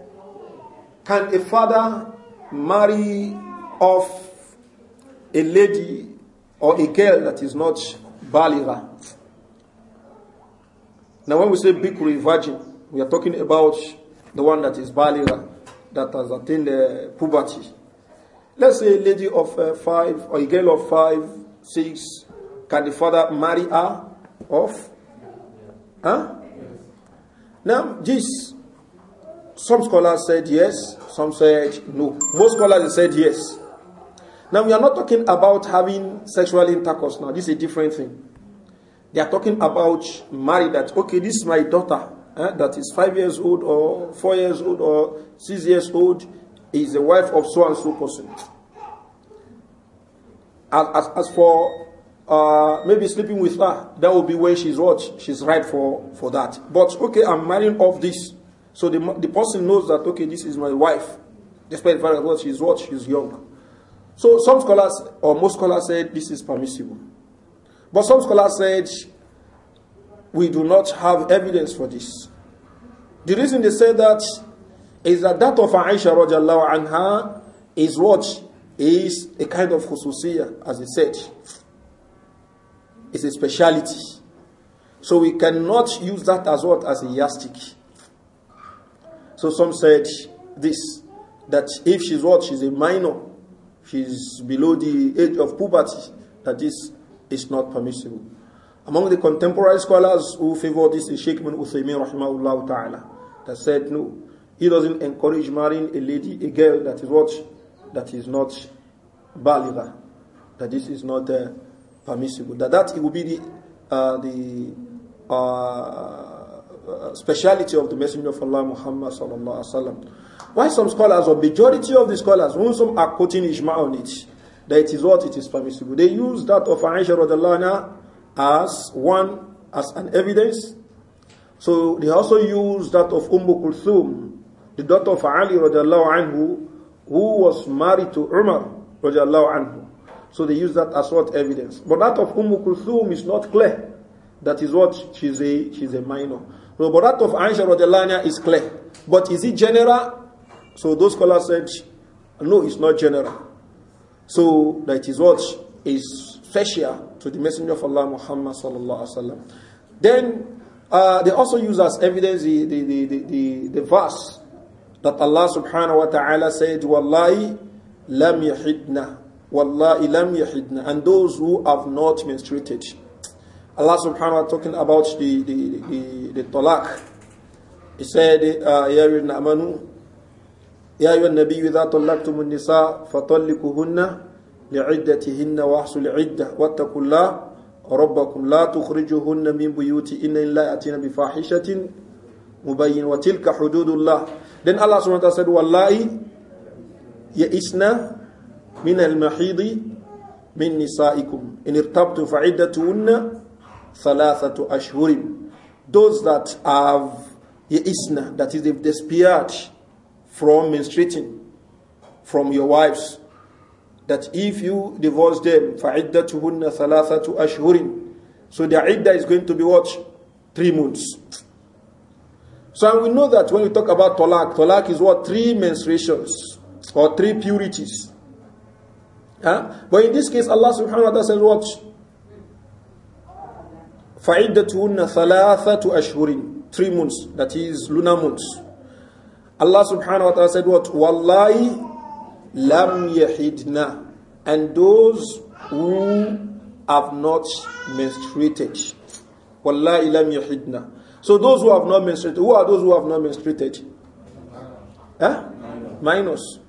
Can a father marry off a lady or a girl that is not balira? Now, when we say bikuri, virgin, we are talking about the one that is balira that has attained uh, puberty. Let's say a lady of uh, five or a girl of five, six, can the father marry her off? Huh? Yes. Now, this, some scholars said yes, some said no. Most scholars said yes. Now, we are not talking about having sexual intercourse now. This is a different thing. They are talking about marry that, okay, this is my daughter that is five years old or four years old or six years old is the wife of so and so person. As, as, as for uh, maybe sleeping with her, that will be when she's what? She's ripe for, for that. But okay, I'm marrying off this. So the, the person knows that, okay, this is my wife, despite the fact that what she's what? She's young. So some scholars, or most scholars, said this is permissible. But some scholars said we do not have evidence for this. The reason they say that is that that of Aisha radiallahu anha is what is a kind of khususiyah, as he said. It's a speciality. So we cannot use that as what as a yastic. So some said this that if she's what she's a minor, she's below the age of puberty, that this is not permissible. Among the contemporary scholars who favor this is Sheikh bin Uthaymeen rahimahullah ta'ala that said no, he doesn't encourage marrying a lady, a girl that is what? That is not baligha. That this is not uh, permissible. That that it will be the uh, the uh, uh, speciality of the Messenger of Allah Muhammad sallallahu alaihi wasallam. Why some scholars or majority of the scholars, when some are quoting Ijma on it, that it is what it is permissible. They use that of Aisha radiallahu as one as an evidence. So they also use that of Umm Kulthum the daughter of Ali radiallahu anhu, who was married to Umar radiallahu anhu. So they use that as what evidence. But that of Umm Kulthum is not clear. That is what she's a she's a minor. but that of Aisha radiallahu anha is clear. But is it general? So those scholars said, no, it's not general. So that is what is special to the Messenger of Allah Muhammad sallallahu alaihi wasallam. Then uh, they also use as evidence the the, the, the, the verse that Allah subhanahu wa ta'ala said, Wallahi lam yahidna. Wallahi lam yahidna. And those who have not menstruated. Allah subhanahu wa ta'ala talking about the, the, the, the, the talaq. He said, uh, Ya ayyuhal amanu, Ya ayyuhal nabiyyu idha talaqtumun nisa wa لعدتهن واحصوا العدة واتقوا الله ربكم لا تخرجوهن من بيوتهن إلا يأتين بفاحشة مبين وتلك حدود الله then Allah subhanahu wa ta'ala said, Wallahi ya'isna min al-mahidi min nisaikum. In irtabtum fa'iddatuhunna thalathatu ashhurim. Those that have ya'isna, that is they've despaired from menstruating from your wives, that if you divorce them, fa'iddatuhunna thalathatu ashhurin. So the iddah is going to be what? Three months. So we know that when we talk about talak, talak is what? Three menstruations or three purities. Huh? But in this case, Allah subhanahu wa ta'ala says what? ثَلَاثَةُ أَشْهُرٍ Three months, that is lunar months. Allah subhanahu wa ta'ala said what? وَاللَّهِ lam yahidna. And those who have not menstruated. وَاللَّهِ lam yahidna. So those who have not menstruated, who are those who have not menstruated? Huh? Minus.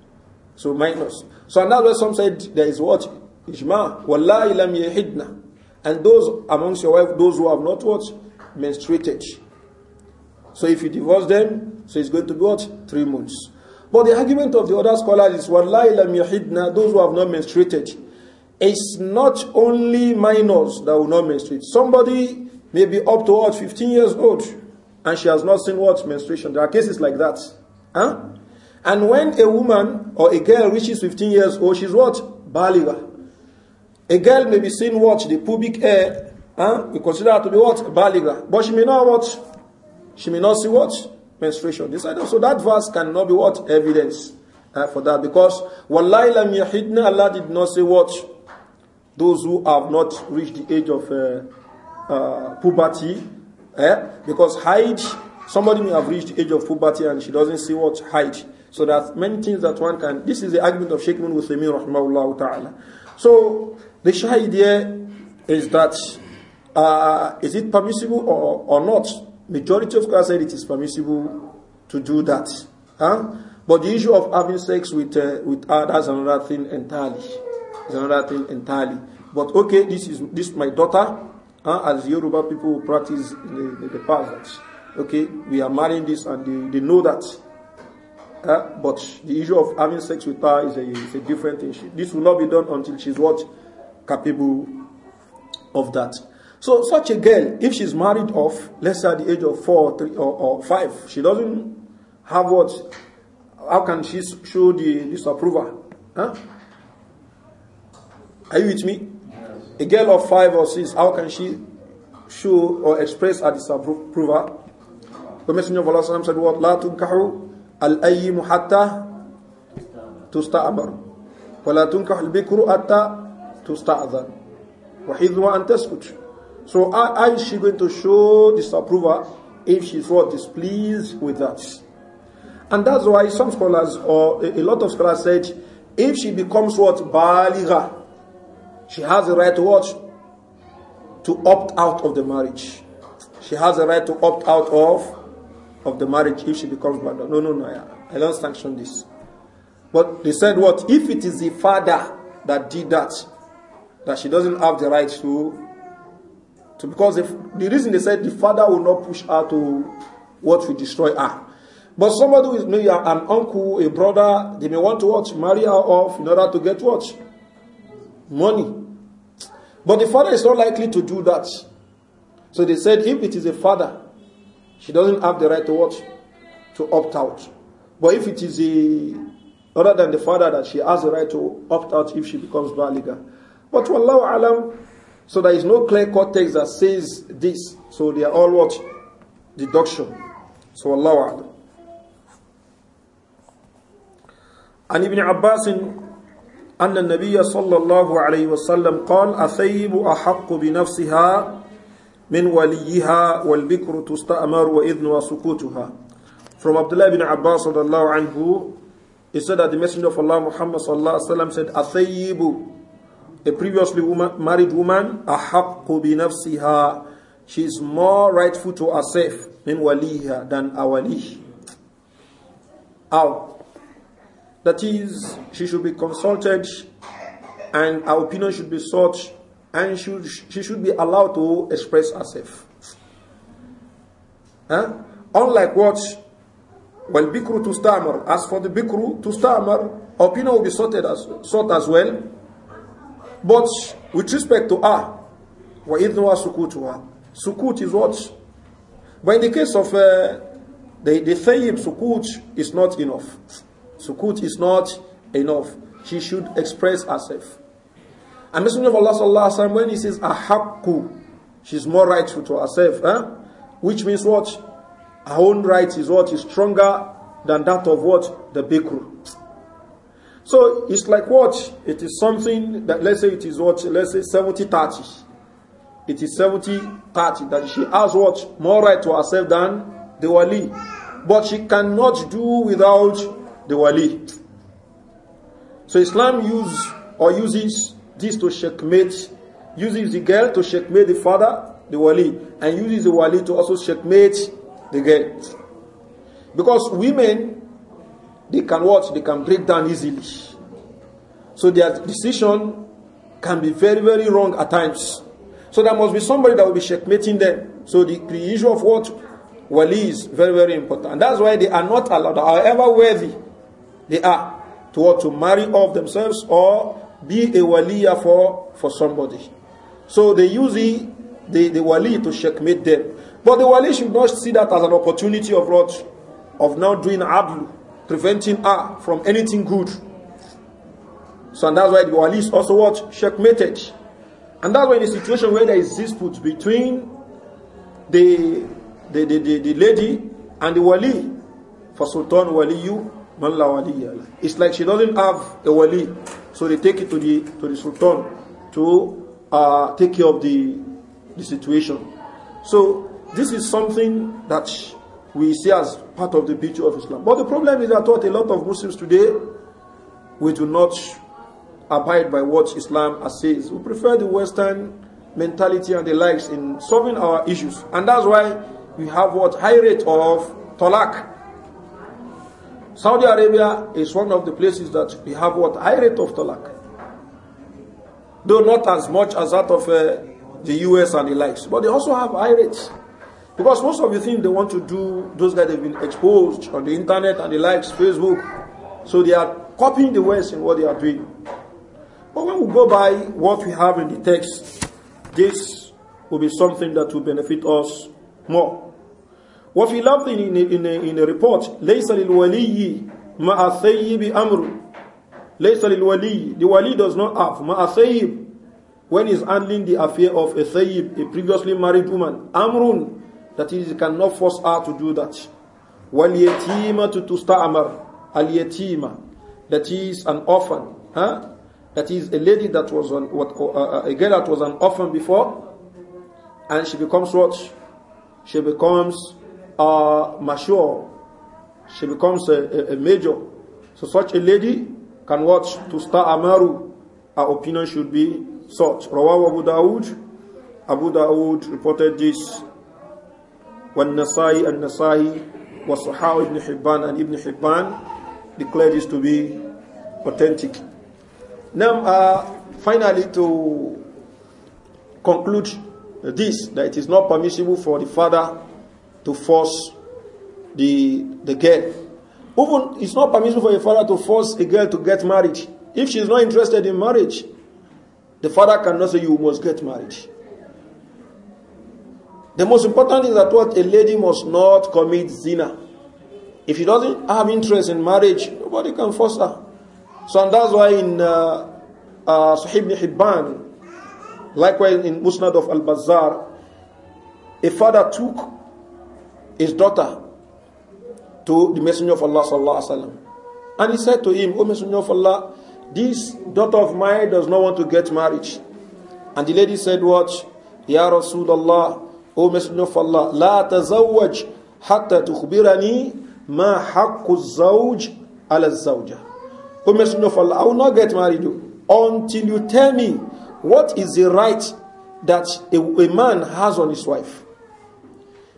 So minus. So another way some said there is what? Ijma. Wallahi lam yahidna. And those amongst your wife, those who have not what? Menstruated. So if you divorce them, so it's going to be what? Three months. But the argument of the other scholars is Wallahi lam yahidna, those who have not menstruated. It's not only minors that will not menstruate. Somebody maybe up to what, 15 years old, and she has not seen what, menstruation. There are cases like that. Huh? And when a woman or a girl reaches 15 years old, she's what? Baliga. A girl may be seen what? The pubic hair. Huh? We consider her to be what? Baliga. But she may not what? She may not see what? Menstruation. So that verse cannot be what? Evidence uh, for that. Because Wallahi lam yahidna, Allah did not say what? Those who have not reached the age of uh, uh, puberty, eh? because height, somebody may have reached the age of puberty and she doesn't see what height. So there's many things that one can. This is the argument of Sheikh Mun Uthaymeen rahimahullah ta'ala. So the shy idea is that uh, is it permissible or, or not? Majority of scholars said it is permissible to do that. Huh? But the issue of having sex with uh, with others another thing entirely. It's another thing entirely. But okay, this is this is my daughter uh, as Yoruba people practice in the, the, the past. okay, we are marrying this and they, they know that. Uh, but the issue of having sex with her is a, is a different issue. This will not be done until she's what? Capable of that. So such a girl, if she's married off, let's say at the age of four, three, or, or five, she doesn't have what? How can she show the disapproval? Huh? Are you with me? A girl of five or six, how can she show or express her disapproval? The Messenger of Allah said, What? La tunkahu al ayyimu hatta tusta'mar. Wa la tunkahu al bikru hatta tusta'adhan. Wa hidwa an taskut. So, how is she going to show disapproval if she's what? Displeased with that. And that's why some scholars, or a lot of scholars, said if she becomes what? Baligha she has the right to what? To opt out of the marriage. She has the right to opt out of of the marriage if she becomes mother. No, no, no. I, I don't sanction this. But they said what? If it is the father that did that, that she doesn't have the right to, to because if, the reason they said the father will not push her to what will destroy her. But somebody who is maybe an uncle, a brother, they may want to watch marry her off in order to get what? Money. But the father is not likely to do that. So they said if it is a father, she doesn't have the right to what? To opt out. But if it is a other than the father that she has the right to opt out if she becomes baliga. But wallahu alam, so there is no clear cortex that says this. So they are all what? Deduction. So wallahu alam. And Ibn Abbas أن النبي صلى الله عليه وسلم قال أثيب أحق بنفسها من وليها والبكر تستأمر وإذن وسكوتها From Abdullah bin Abbas صلى الله عنه he said that the messenger of Allah Muhammad صلى الله عليه وسلم said أثيب a previously woman, married woman أحق بنفسها she is more rightful to herself من وليها than our wali how That is, she should be consulted and her opinion should be sought and should, she should be allowed to express herself. Huh? Unlike what? Well, Bikru to stammer. As for the Bikru to stammer, opinion will be sorted as, sought as well. But with respect to her, وَإِذْنُوا سُكُوتُهَا Sukut is what? But in the case of uh, the, the Thayyib, Sukut is not enough. Sukut is not enough. She should express herself. And Messenger of Allah sallallahu alaihi wasallam when he says ahakku, she's more rightful to herself, huh? Which means what? Her own right is what is stronger than that of what the bikru. So it's like what it is something that let's say it is what let's say 70 30. It is 70 30 that she has what more right to herself than the wali. But she cannot do without the wali. So Islam uses or uses this to checkmate, uses the girl to checkmate the father, the wali, and uses the wali to also checkmate the girl. Because women, they can watch, They can break down easily. So their decision can be very, very wrong at times. So there must be somebody that will be checkmating them. So the, the issue of what? Wali is very, very important. And that's why they are not allowed, however worthy, they are to what to marry off themselves or be a waliya for for somebody. So they use the, the, the wali to checkmate them. But the wali should not see that as an opportunity of what? Of now doing ablu, preventing her from anything good. So and that's why the wali is also what? Checkmated. And that's why in a situation where there is dispute between the the, the, the, the lady and the wali, for Sultan you Man la waliya. It's like she doesn't have a wali. So they take it to the to the sultan to uh, take care of the the situation. So this is something that we see as part of the beauty of Islam. But the problem is that what a lot of Muslims today we do not abide by what Islam says. We prefer the Western mentality and the likes in solving our issues, and that's why we have what high rate of talak Saudi Arabia is one of the places that we have what high rate of talak, though not as much as that of uh, the US and the likes, but they also have high rates because most of the things they want to do, those guys have been exposed on the internet and the likes, Facebook, so they are copying the West in what they are doing. But when we go by what we have in the text, this will be something that will benefit us more. وفي لفظ in, in, in a report ليس للولي مع الثيب أمر ليس للولي the wali does not have مع الثيب when he's handling the affair of a thayyib, a previously married woman amrun that is he cannot force her to do that wal yatima to tusta'mar al yatima that is an orphan huh? that is a lady that was on what uh, uh, a girl that was an orphan before and she becomes what she becomes uh, mature, she becomes a, a, a, major. So such a lady can watch to star Amaru. Our opinion should be such. Rawahu Abu Dawood. Abu Dawood reported this. Nasai was how Ibn Hibban and Ibn Hibban declared this to be authentic. Now, uh, finally, to conclude this, that it is not permissible for the father to force the, the girl. Even it's not permissible for a father to force a girl to get married. If she's not interested in marriage, the father cannot say you must get married. The most important is that what a lady must not commit zina. If she doesn't have interest in marriage, nobody can force her. So and that's why in uh, uh, Sahib Hibban, likewise in Musnad of Al-Bazar, a father took his daughter to the Messenger of Allah sallallahu alaihi wasallam, and he said to him, "O Messenger of Allah, this daughter of mine does not want to get married." And the lady said, "What, Ya Rasulullah, O Messenger of Allah, la تزوج حتى تخبرني ما حق الزوج على الزوجة." O Messenger of Allah, I will not get married until you tell me what is the right that a, a man has on his wife.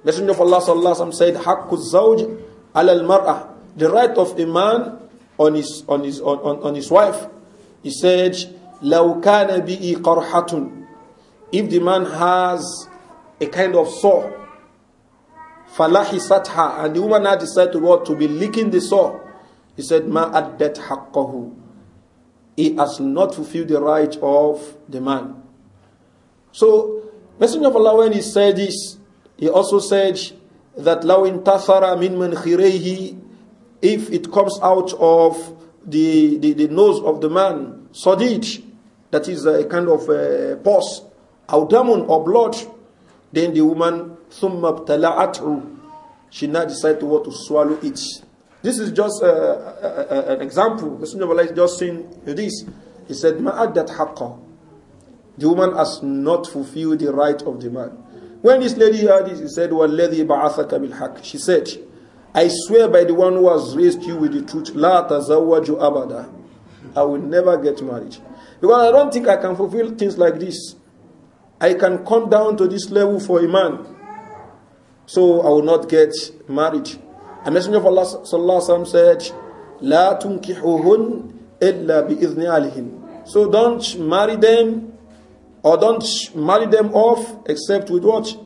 Messenger of Allah sallallahu alaihi wasallam said, "Hakku zawj al mar'ah." The right of a man on his on his on, on, on his wife. He said, "Law kana bi'i qarhatun." If the man has a kind of sore, falahisatha, and the woman had decided to what to be licking the sore, he said, "Ma addat haqqahu." He has not fulfilled the right of the man. So, Messenger of Allah, when he said this, he also said that law in tathara min mankhirayhi if it comes out of the, the, the, nose of the man, sadid, that is a kind of a uh, pus, or damun or blood, then the woman thumma atru, she now decided what to swallow it. This is just a, uh, a, uh, an example. The Messenger of Allah is just saying this. He said, ma'addat haqqa. The woman has not fulfilled the right of the man. When this lady heard this, she said, وَالَّذِي بَعَثَكَ بِالْحَقِّ She said, I swear by the one who has raised you with the truth, لَا تَزَوَّجُ abada. I will never get married. Because I don't think I can fulfill things like this. I can come down to this level for a man. So I will not get married. A messenger of Allah sallallahu alaihi wasallam said, "La tunkihuhun illa bi alihin." So don't marry them or don't marry them off except with what?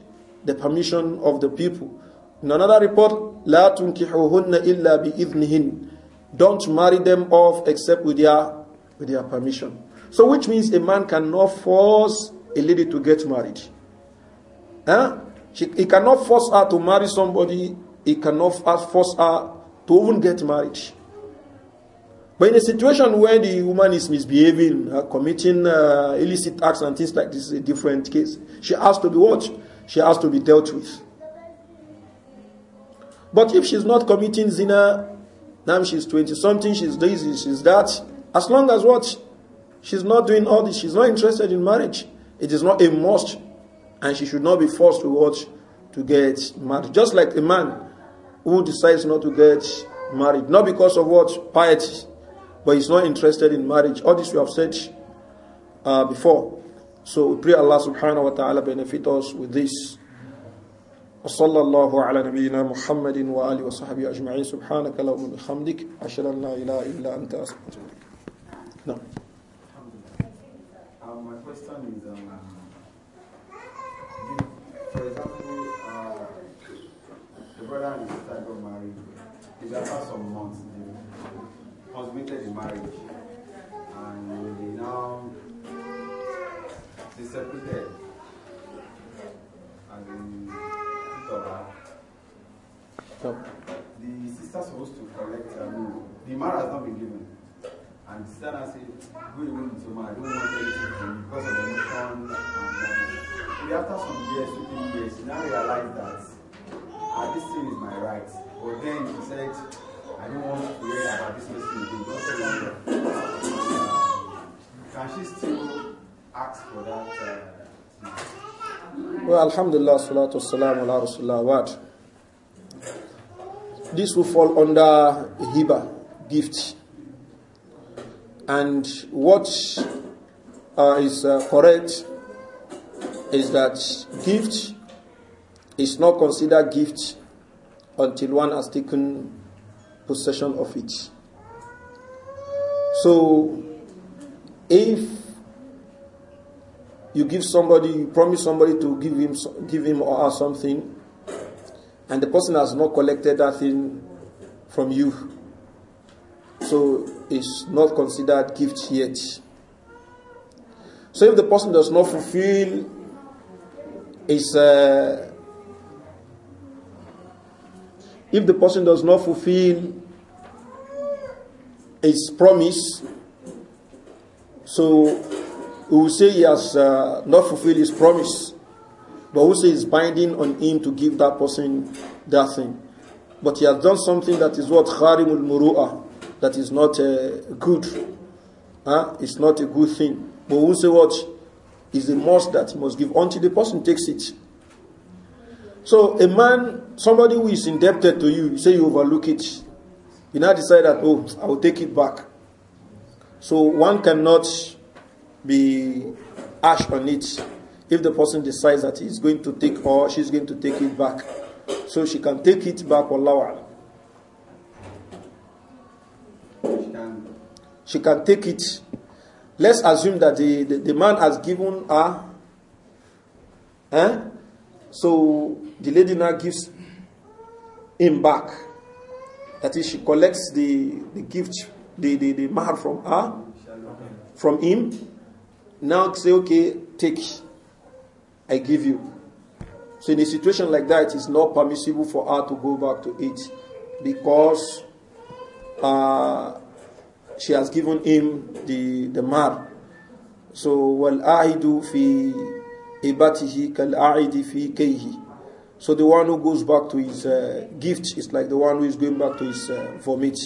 The permission of the people. In another report, لا تنكحوهن إلا بإذنهن. Don't marry them off except with their, with their permission. So which means a man cannot force a lady to get married. Huh? She, he cannot force her to marry somebody. He cannot force her to even get married. But in a situation where the woman is misbehaving, uh, committing uh, illicit acts and things like this, is a different case. She has to be watched. She has to be dealt with. But if she's not committing zina, now she's 20 something, she's this, she's that. As long as what? She's not doing all this, she's not interested in marriage. It is not a must. And she should not be forced to watch to get married. Just like a man who decides not to get married, not because of what? Piety but he's not interested in marriage. All this we have said uh, before. So we pray Allah subhanahu wa ta'ala benefit us with this. وصلى الله على نبينا محمد وآله وصحبه أجمعين سبحانك اللهم وبحمدك أشهد أن لا إله إلا أنت أستغفرك نعم My question is, um, for example, uh, the brother and sister got married. It's some months, consummated the marriage and they now they separated as in so the sister sister's supposed to collect her um, the marriage has not been given and the sister now say go away with your man i don't want anything from you because of emotion and money after some years fifteen years she now realized that ah this thing is my right but then she said I don't want to Can she still ask for that? Uh, well, alhamdulillah, salatu salam ala rasulullah. What? This will fall under hiba, gift. And what uh, is uh, correct is that gift is not considered gift until one has taken possession of it. So, if you give somebody, you promise somebody to give him, give him or her something, and the person has not collected that thing from you, so it's not considered gift yet. So, if the person does not fulfill his uh, if the person does not fulfill his promise, so we will say he has uh, not fulfilled his promise, but we say it's binding on him to give that person that thing. But he has done something that is what kharimul murua, that is not uh, good. Huh? It's not a good thing. But we say what is the most that he must give until the person takes it. So a man, somebody who is indebted to you, you say you overlook it. You now decide that, oh, I will take it back. So one cannot be ash on it if the person decides that he's going to take or she's going to take it back. So she can take it back, or She can. She can take it. Let's assume that the, the, the man has given her. Eh? So the lady now gives him back. That is, she collects the, the gift, the, the, the mahar from her, from him. Now say, okay, take, I give you. So in a situation like that, it's not permissible for her to go back to it because uh, she has given him the, the mar. So, وَالْأَعِدُ فِي kal-a'idi fi كَيْهِ so the one who goes back to his uh, gift is like the one who is going back to his uh, vomit.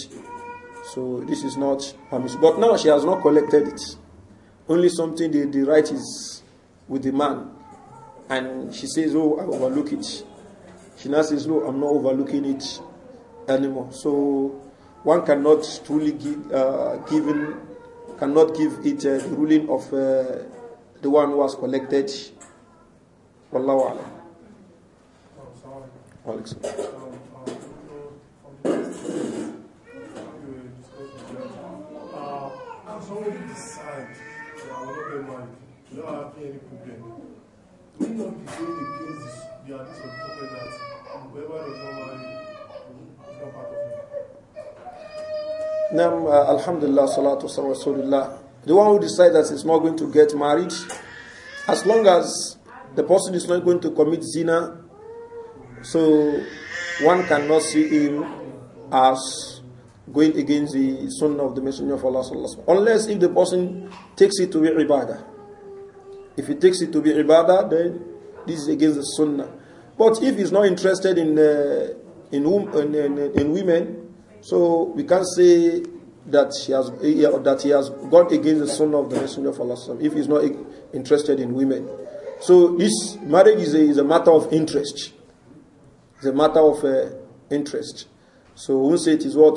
So this is not permissible. But now she has not collected it. Only something the, the right is with the man. And she says, Oh, I overlook it. She now says, No, I'm not overlooking it anymore. So one cannot truly uh, give, uh, given, cannot give it uh, the ruling of uh, the one who has collected. Wallahu alam. Alex. Somebody um, um, um, decide that I will not get married without having any problem. Will not be going the things of the prophet that whoever does not marry is not part of him? Nam, uh, Alhamdulillah, Salatu Rasulullah. The one who decides that he's not going to get married, as long as the person is not going to commit zina so one cannot see him as going against the sunnah of the Messenger of Allah sallallahu unless if the person takes it to be ibadah. If he takes it to be ibadah, then this is against the sunnah. But if he's not interested in uh, in, in, in, in, women, so we can't say that he has eh, eh, that he has gone against the sunnah of the Messenger of Allah. if he's not interested in women, so this marriage is a, is a matter of interest. It's a matter of uh, interest. So we say it is what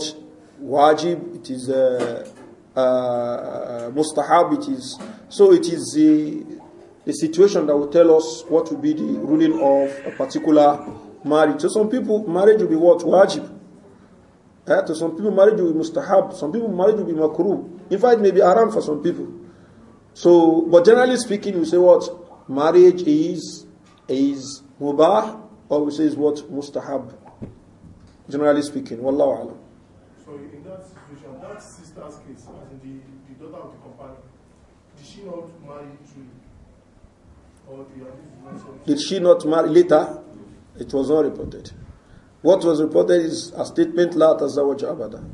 wajib, it is uh, uh, uh, mustahab, it is. So it is the, the situation that will tell us what will be the ruling of a particular marriage. So some people, marriage will be what? Wajib. Uh, to some people, marriage will be mustahab. Some people, marriage will be makruh. In fact, it may be haram for some people. So, but generally speaking, we say what? Marriage is is mubah always is what mustahab, generally speaking. Wallahu alam. So in that situation, that sister's case, as in the, the daughter of the companion, did she not marry truly? did she not marry later? It was not reported. What was reported is a statement, La tazawaj abada.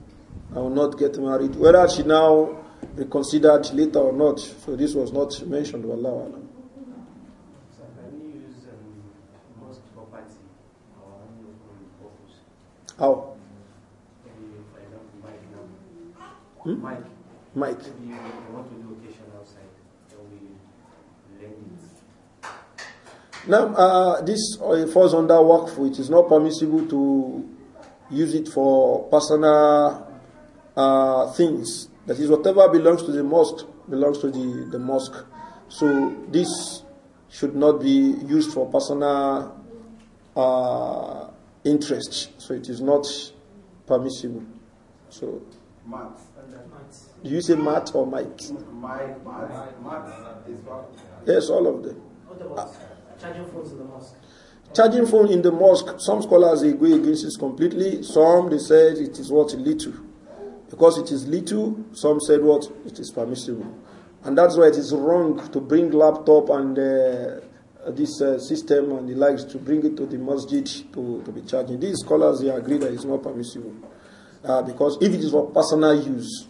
I will not get married. Whether she now reconsidered later or not, so this was not mentioned, wallahu alam. Hmm? Mike. Mike. you want to do outside. Now, uh, uh this falls under work, which is not permissible to use it for personal uh, things. That is, whatever belongs to the mosque belongs to the, the mosque. So, this should not be used for personal uh, interest. So, it is not permissible. So, do you say mat or Mike? Yes, all of them. charging phone in the mosque. Charging phone in the mosque, some scholars they against it completely. Some they said it is what little. Because it is little, some said what it is permissible. And that's why it is wrong to bring laptop and uh, this uh, system and the likes to bring it to the masjid to, to be charging. These scholars they agree that it's not permissible. Uh, because if it is for personal use,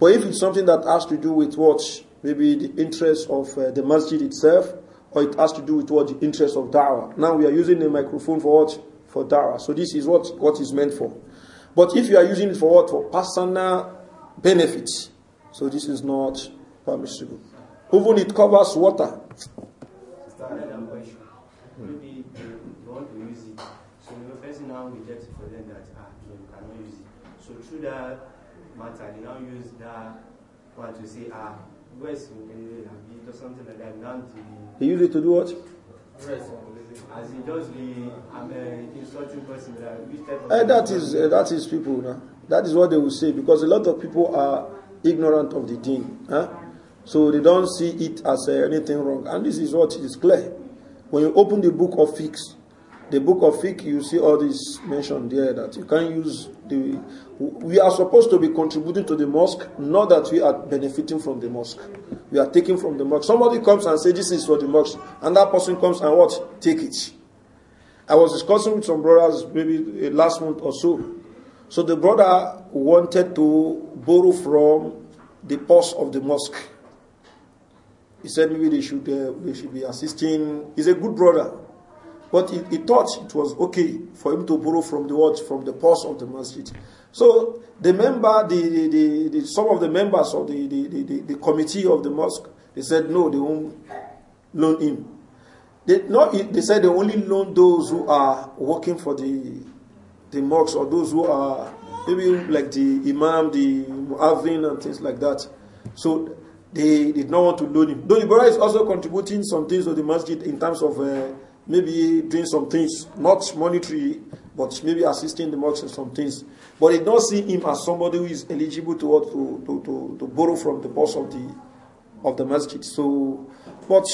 but if it's something that has to do with what maybe the interest of uh, the masjid itself, or it has to do with what the interest of da'wah. Now we are using the microphone for what? For da'wah. So this is what what is meant for. But if you are using it for what? For personal benefit. So this is not permissible. Even it covers water. Maybe matter. They now use that one to say, ah, West or something like that. Now they use it to do what? As in does the I'm, uh, insulting person. That, which type of uh, that is uh, that is people. Nah? That is what they will say because a lot of people are ignorant of the thing, Huh? Eh? So they don't see it as uh, anything wrong. And this is what is clear. When you open the book of fiqh, the book of fiqh, you see all this mentioned there that you can use the. We are supposed to be contributing to the mosque, not that we are benefiting from the mosque. We are taking from the mosque. Somebody comes and says, This is for the mosque, and that person comes and what? Take it. I was discussing with some brothers maybe uh, last month or so. So the brother wanted to borrow from the purse of the mosque. He said maybe they should uh, they should be assisting. He's a good brother. But he, he, thought it was okay for him to borrow from the what from the purse of the masjid. So the member, the, the, the, the some of the members of the, the, the, the, committee of the mosque, they said no, they won't loan him. They, not, they said they only loan those who are working for the the mosque or those who are maybe like the imam, the muavin, and things like that. So they did not want to loan him. Though the brother is also contributing some things to the masjid in terms of. Uh, maybe doing some things, not monetary, but maybe assisting the mosque in some things. But they don't see him as somebody who is eligible to to, to, to, to borrow from the boss of the of the masjid. So, but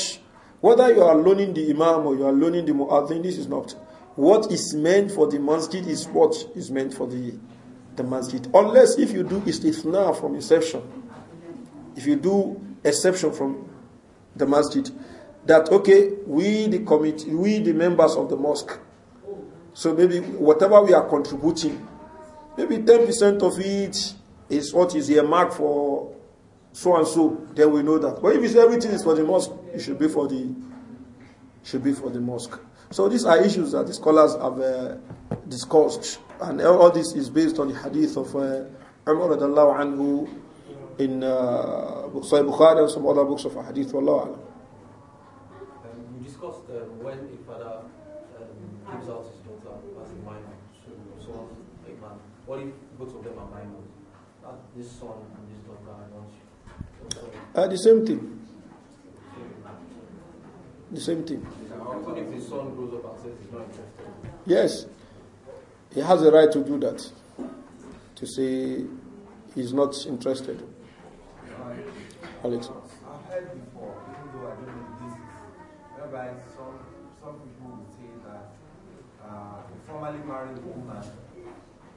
whether you are loaning the imam or you are loaning the muadhin, this is not. What is meant for the masjid is what is meant for the the masjid. Unless if you do istithna from exception, if you do exception from the masjid that okay, we the committee, we the members of the mosque. So maybe whatever we are contributing, maybe 10% of it is what is earmarked for so and so, then we know that. But if it's everything is for the mosque, it should be for the should be for the mosque. So these are issues that the scholars have uh, discussed, and all this is based on the hadith of uh, Umar anhu in uh, Bukhari and some other books of hadith. Wallahu alam. Um, when a father um, gives out his daughter as a minor to someone, a man, what if both of them are minors? this son and this daughter are not. Uh, the same thing. The same thing. What if the son up and says he's not interested? Yes. He has a right to do that. To say he's not interested. Alex. I've heard before, even though I don't know this, formerly married woman,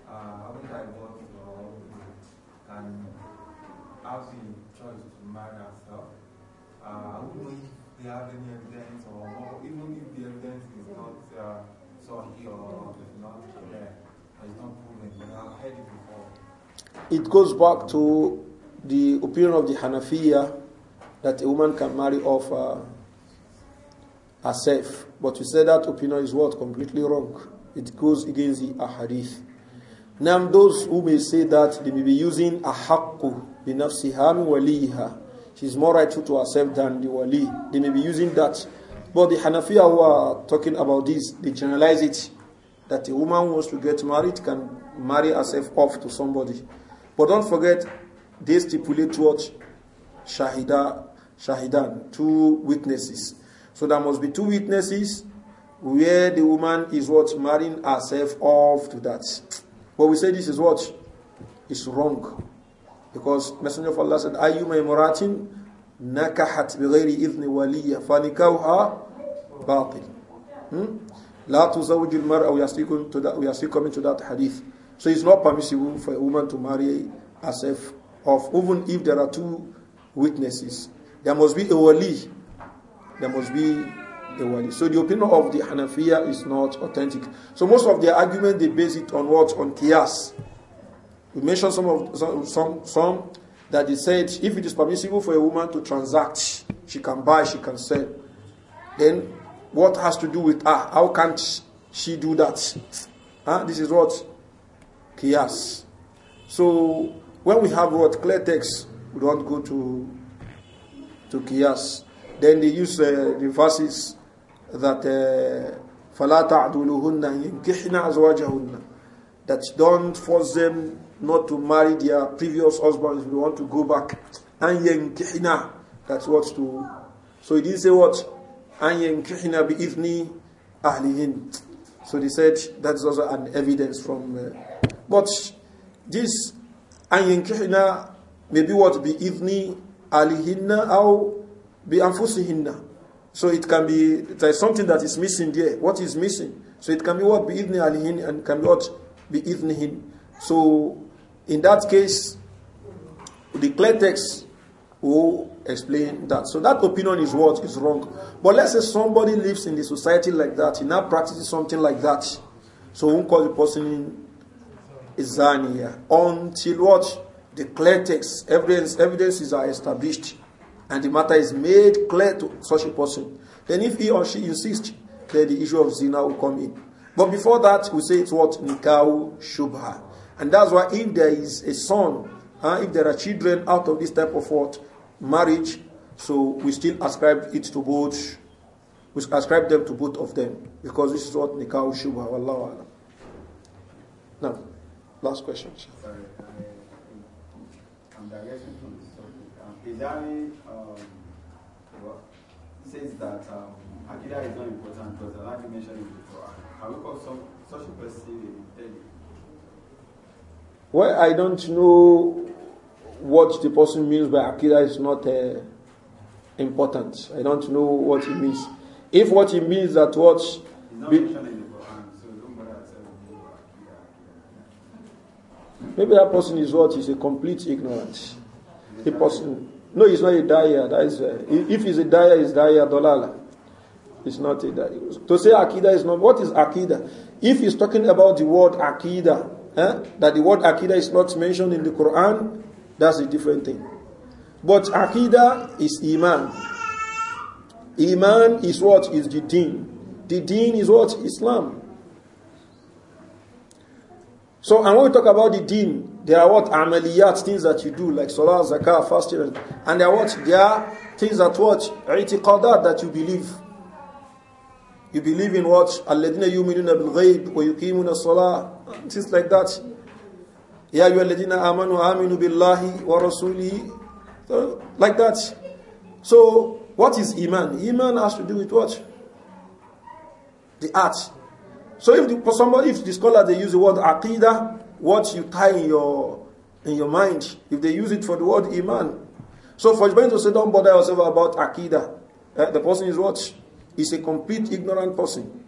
uh, have I got law can have the choice to marry herself? Uh, I don't know if they have any evidence or, or even if the evidence is not uh, so here or is not there, or it's not proven, but I've heard it before. It goes back to the opinion of the Hanafiya that a woman can marry off uh, herself. But you say that opinion is what? Completely wrong it goes against the ahadith. Now, those who may say that they may be using ahakku binafsiham waliha. She's more rightful to herself than the wali. They may be using that. But the Hanafiya who are talking about this, they generalize it that a woman wants to get married can marry herself off to somebody. But don't forget, they stipulate what? Shahida, Shahidan, two witnesses. So there must be two witnesses where the woman is what marrying herself off to that. But we say this is what is wrong. Because Messenger of Allah said, Ayyuma imuratin nakahat bighayri idhni waliya fanikawha batil. Hmm? La tuzawuju al-mar'a, we are still going to that, we are still coming to that hadith. So it's not permissible for a woman to marry herself off, even if there are two witnesses. There must be a wali, there must be wali. So the opinion of the Hanafiya is not authentic. So most of their argument they base it on what? On Qiyas. We mentioned some of some, some, some that they said if it is permissible for a woman to transact, she can buy, she can sell. Then what has to do with her? How can't she do that? Huh? This is what? Qiyas. So when we have what clear text, we don't go to to Qiyas. Then they use uh, the verses that uh, فَلَا تَعْدُلُهُنَّ يَنْكِحْنَ أَزْوَاجَهُنَّ That don't force them not to marry their previous husbands if they want to go back. And يَنْكِحْنَ That's what to... So he didn't say what? أَنْ يَنْكِحْنَ بِإِذْنِ أَهْلِهِنَّ So they said that's also an evidence from... Uh, but this أَنْ يَنْكِحْنَ maybe what? بِإِذْنِ أَهْلِهِنَّ أو بأنفسهن so it can be there is something that is missing there. What is missing? So it can be what be idni alihin and can be what be So in that case, the clear text will explain that. So that opinion is what is wrong. But let's say somebody lives in the society like that, he now practices something like that. So will call the person Zania until what the clear text evidence evidences are established and the matter is made clear to such a person, then if he or she insists, then the issue of zina will come in. But before that, we say it's what? Nikau Shubha. And that's why if there is a son, uh, if there are children out of this type of what? Marriage, so we still ascribe it to both, we ascribe them to both of them. Because this is what Nikau Shubha, Wallahu Alam. Now, last question. Sorry, I, is um, well, says that um, is not important because I Allah mentioned it before. Can we call some, such a person intelligent? Well, I don't know what the person means by Akira is not uh, important. I don't know what he means. If what he means that what be, maybe that person is what is a complete ignorant. A person no, he's not a daya. That is, uh, if he's a daya, it's daya dolala. It's not a daya. To say akida is not. What is akida? If he's talking about the word akida, eh, that the word akida is not mentioned in the Quran, that's a different thing. But akida is iman. Iman is what is the deen. The deen is what Islam. So, and when we talk about the deen, there are what? Amaliyat, things that you do, like salah, zakah, fasting. And there are what? There are things that what? Itiqadat, that you believe. You believe in what? Alladina yuminuna bil ghaib, wa yukimuna salah, things like that. Ya ayu alladina amanu aminu billahi wa rasulihi. So, like that. So, what is Iman? Iman has to do with what? The art so if the, for somebody, if the scholar they use the word aqidah, what you tie in your in your mind, if they use it for the word iman. So for Ibn to say, don't bother yourself about aqidah. Eh, the person is what? Is a complete ignorant person.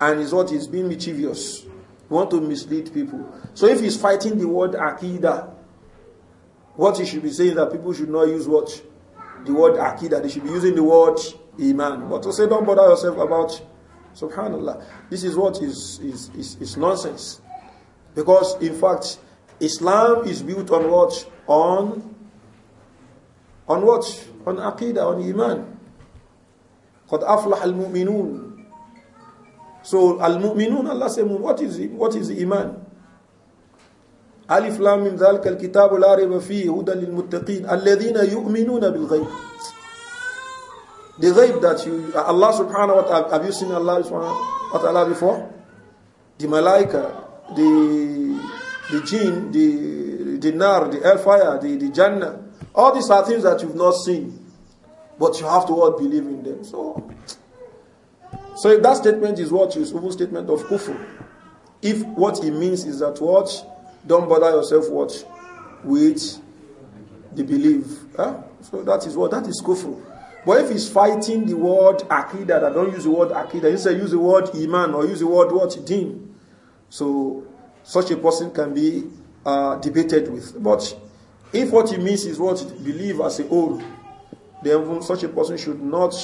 And is what is being mischievous. He want to mislead people. So if he's fighting the word aqidah, what he should be saying that people should not use what? The word aqidah. They should be using the word iman. But to say don't bother yourself about subhanallah. This is what is is, is, is nonsense. Because in fact, Islam is built on what? On on what? On aqidah, on iman. قد أفلح المؤمنون. So al-mu'minun Allah says what is what is iman? ألف لام من ذلك الكتاب لا ريب فيه هدى للمتقين الذين يؤمنون بالغيب the ghaib that you, Allah subhanahu wa ta'ala, have you seen Allah subhanahu wa ta'ala before? The malaika, the, the jinn, the, the nar, the hellfire, the, the jannah. All these are things that you've not seen, but you have to all believe in them. So, so if that statement is what is evil statement of kufr, if what it means is that watch, don't bother yourself watch, with the belief. Huh? So that is what, that is kufr. But if he's fighting the word akida, I don't use the word akida, instead use the word iman or use the word what din. So such a person can be uh, debated with. But if what he means is what believe as a whole, then such a person should not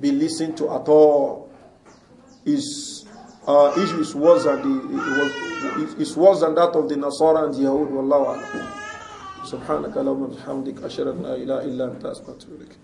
be listened to at all. His uh, issue is worse than the it was worse than that of the Nasara and the Yahud. Wallahu سبحانك اللهم وبحمدك أشهد أن لا إله إلا أنت أستغفرك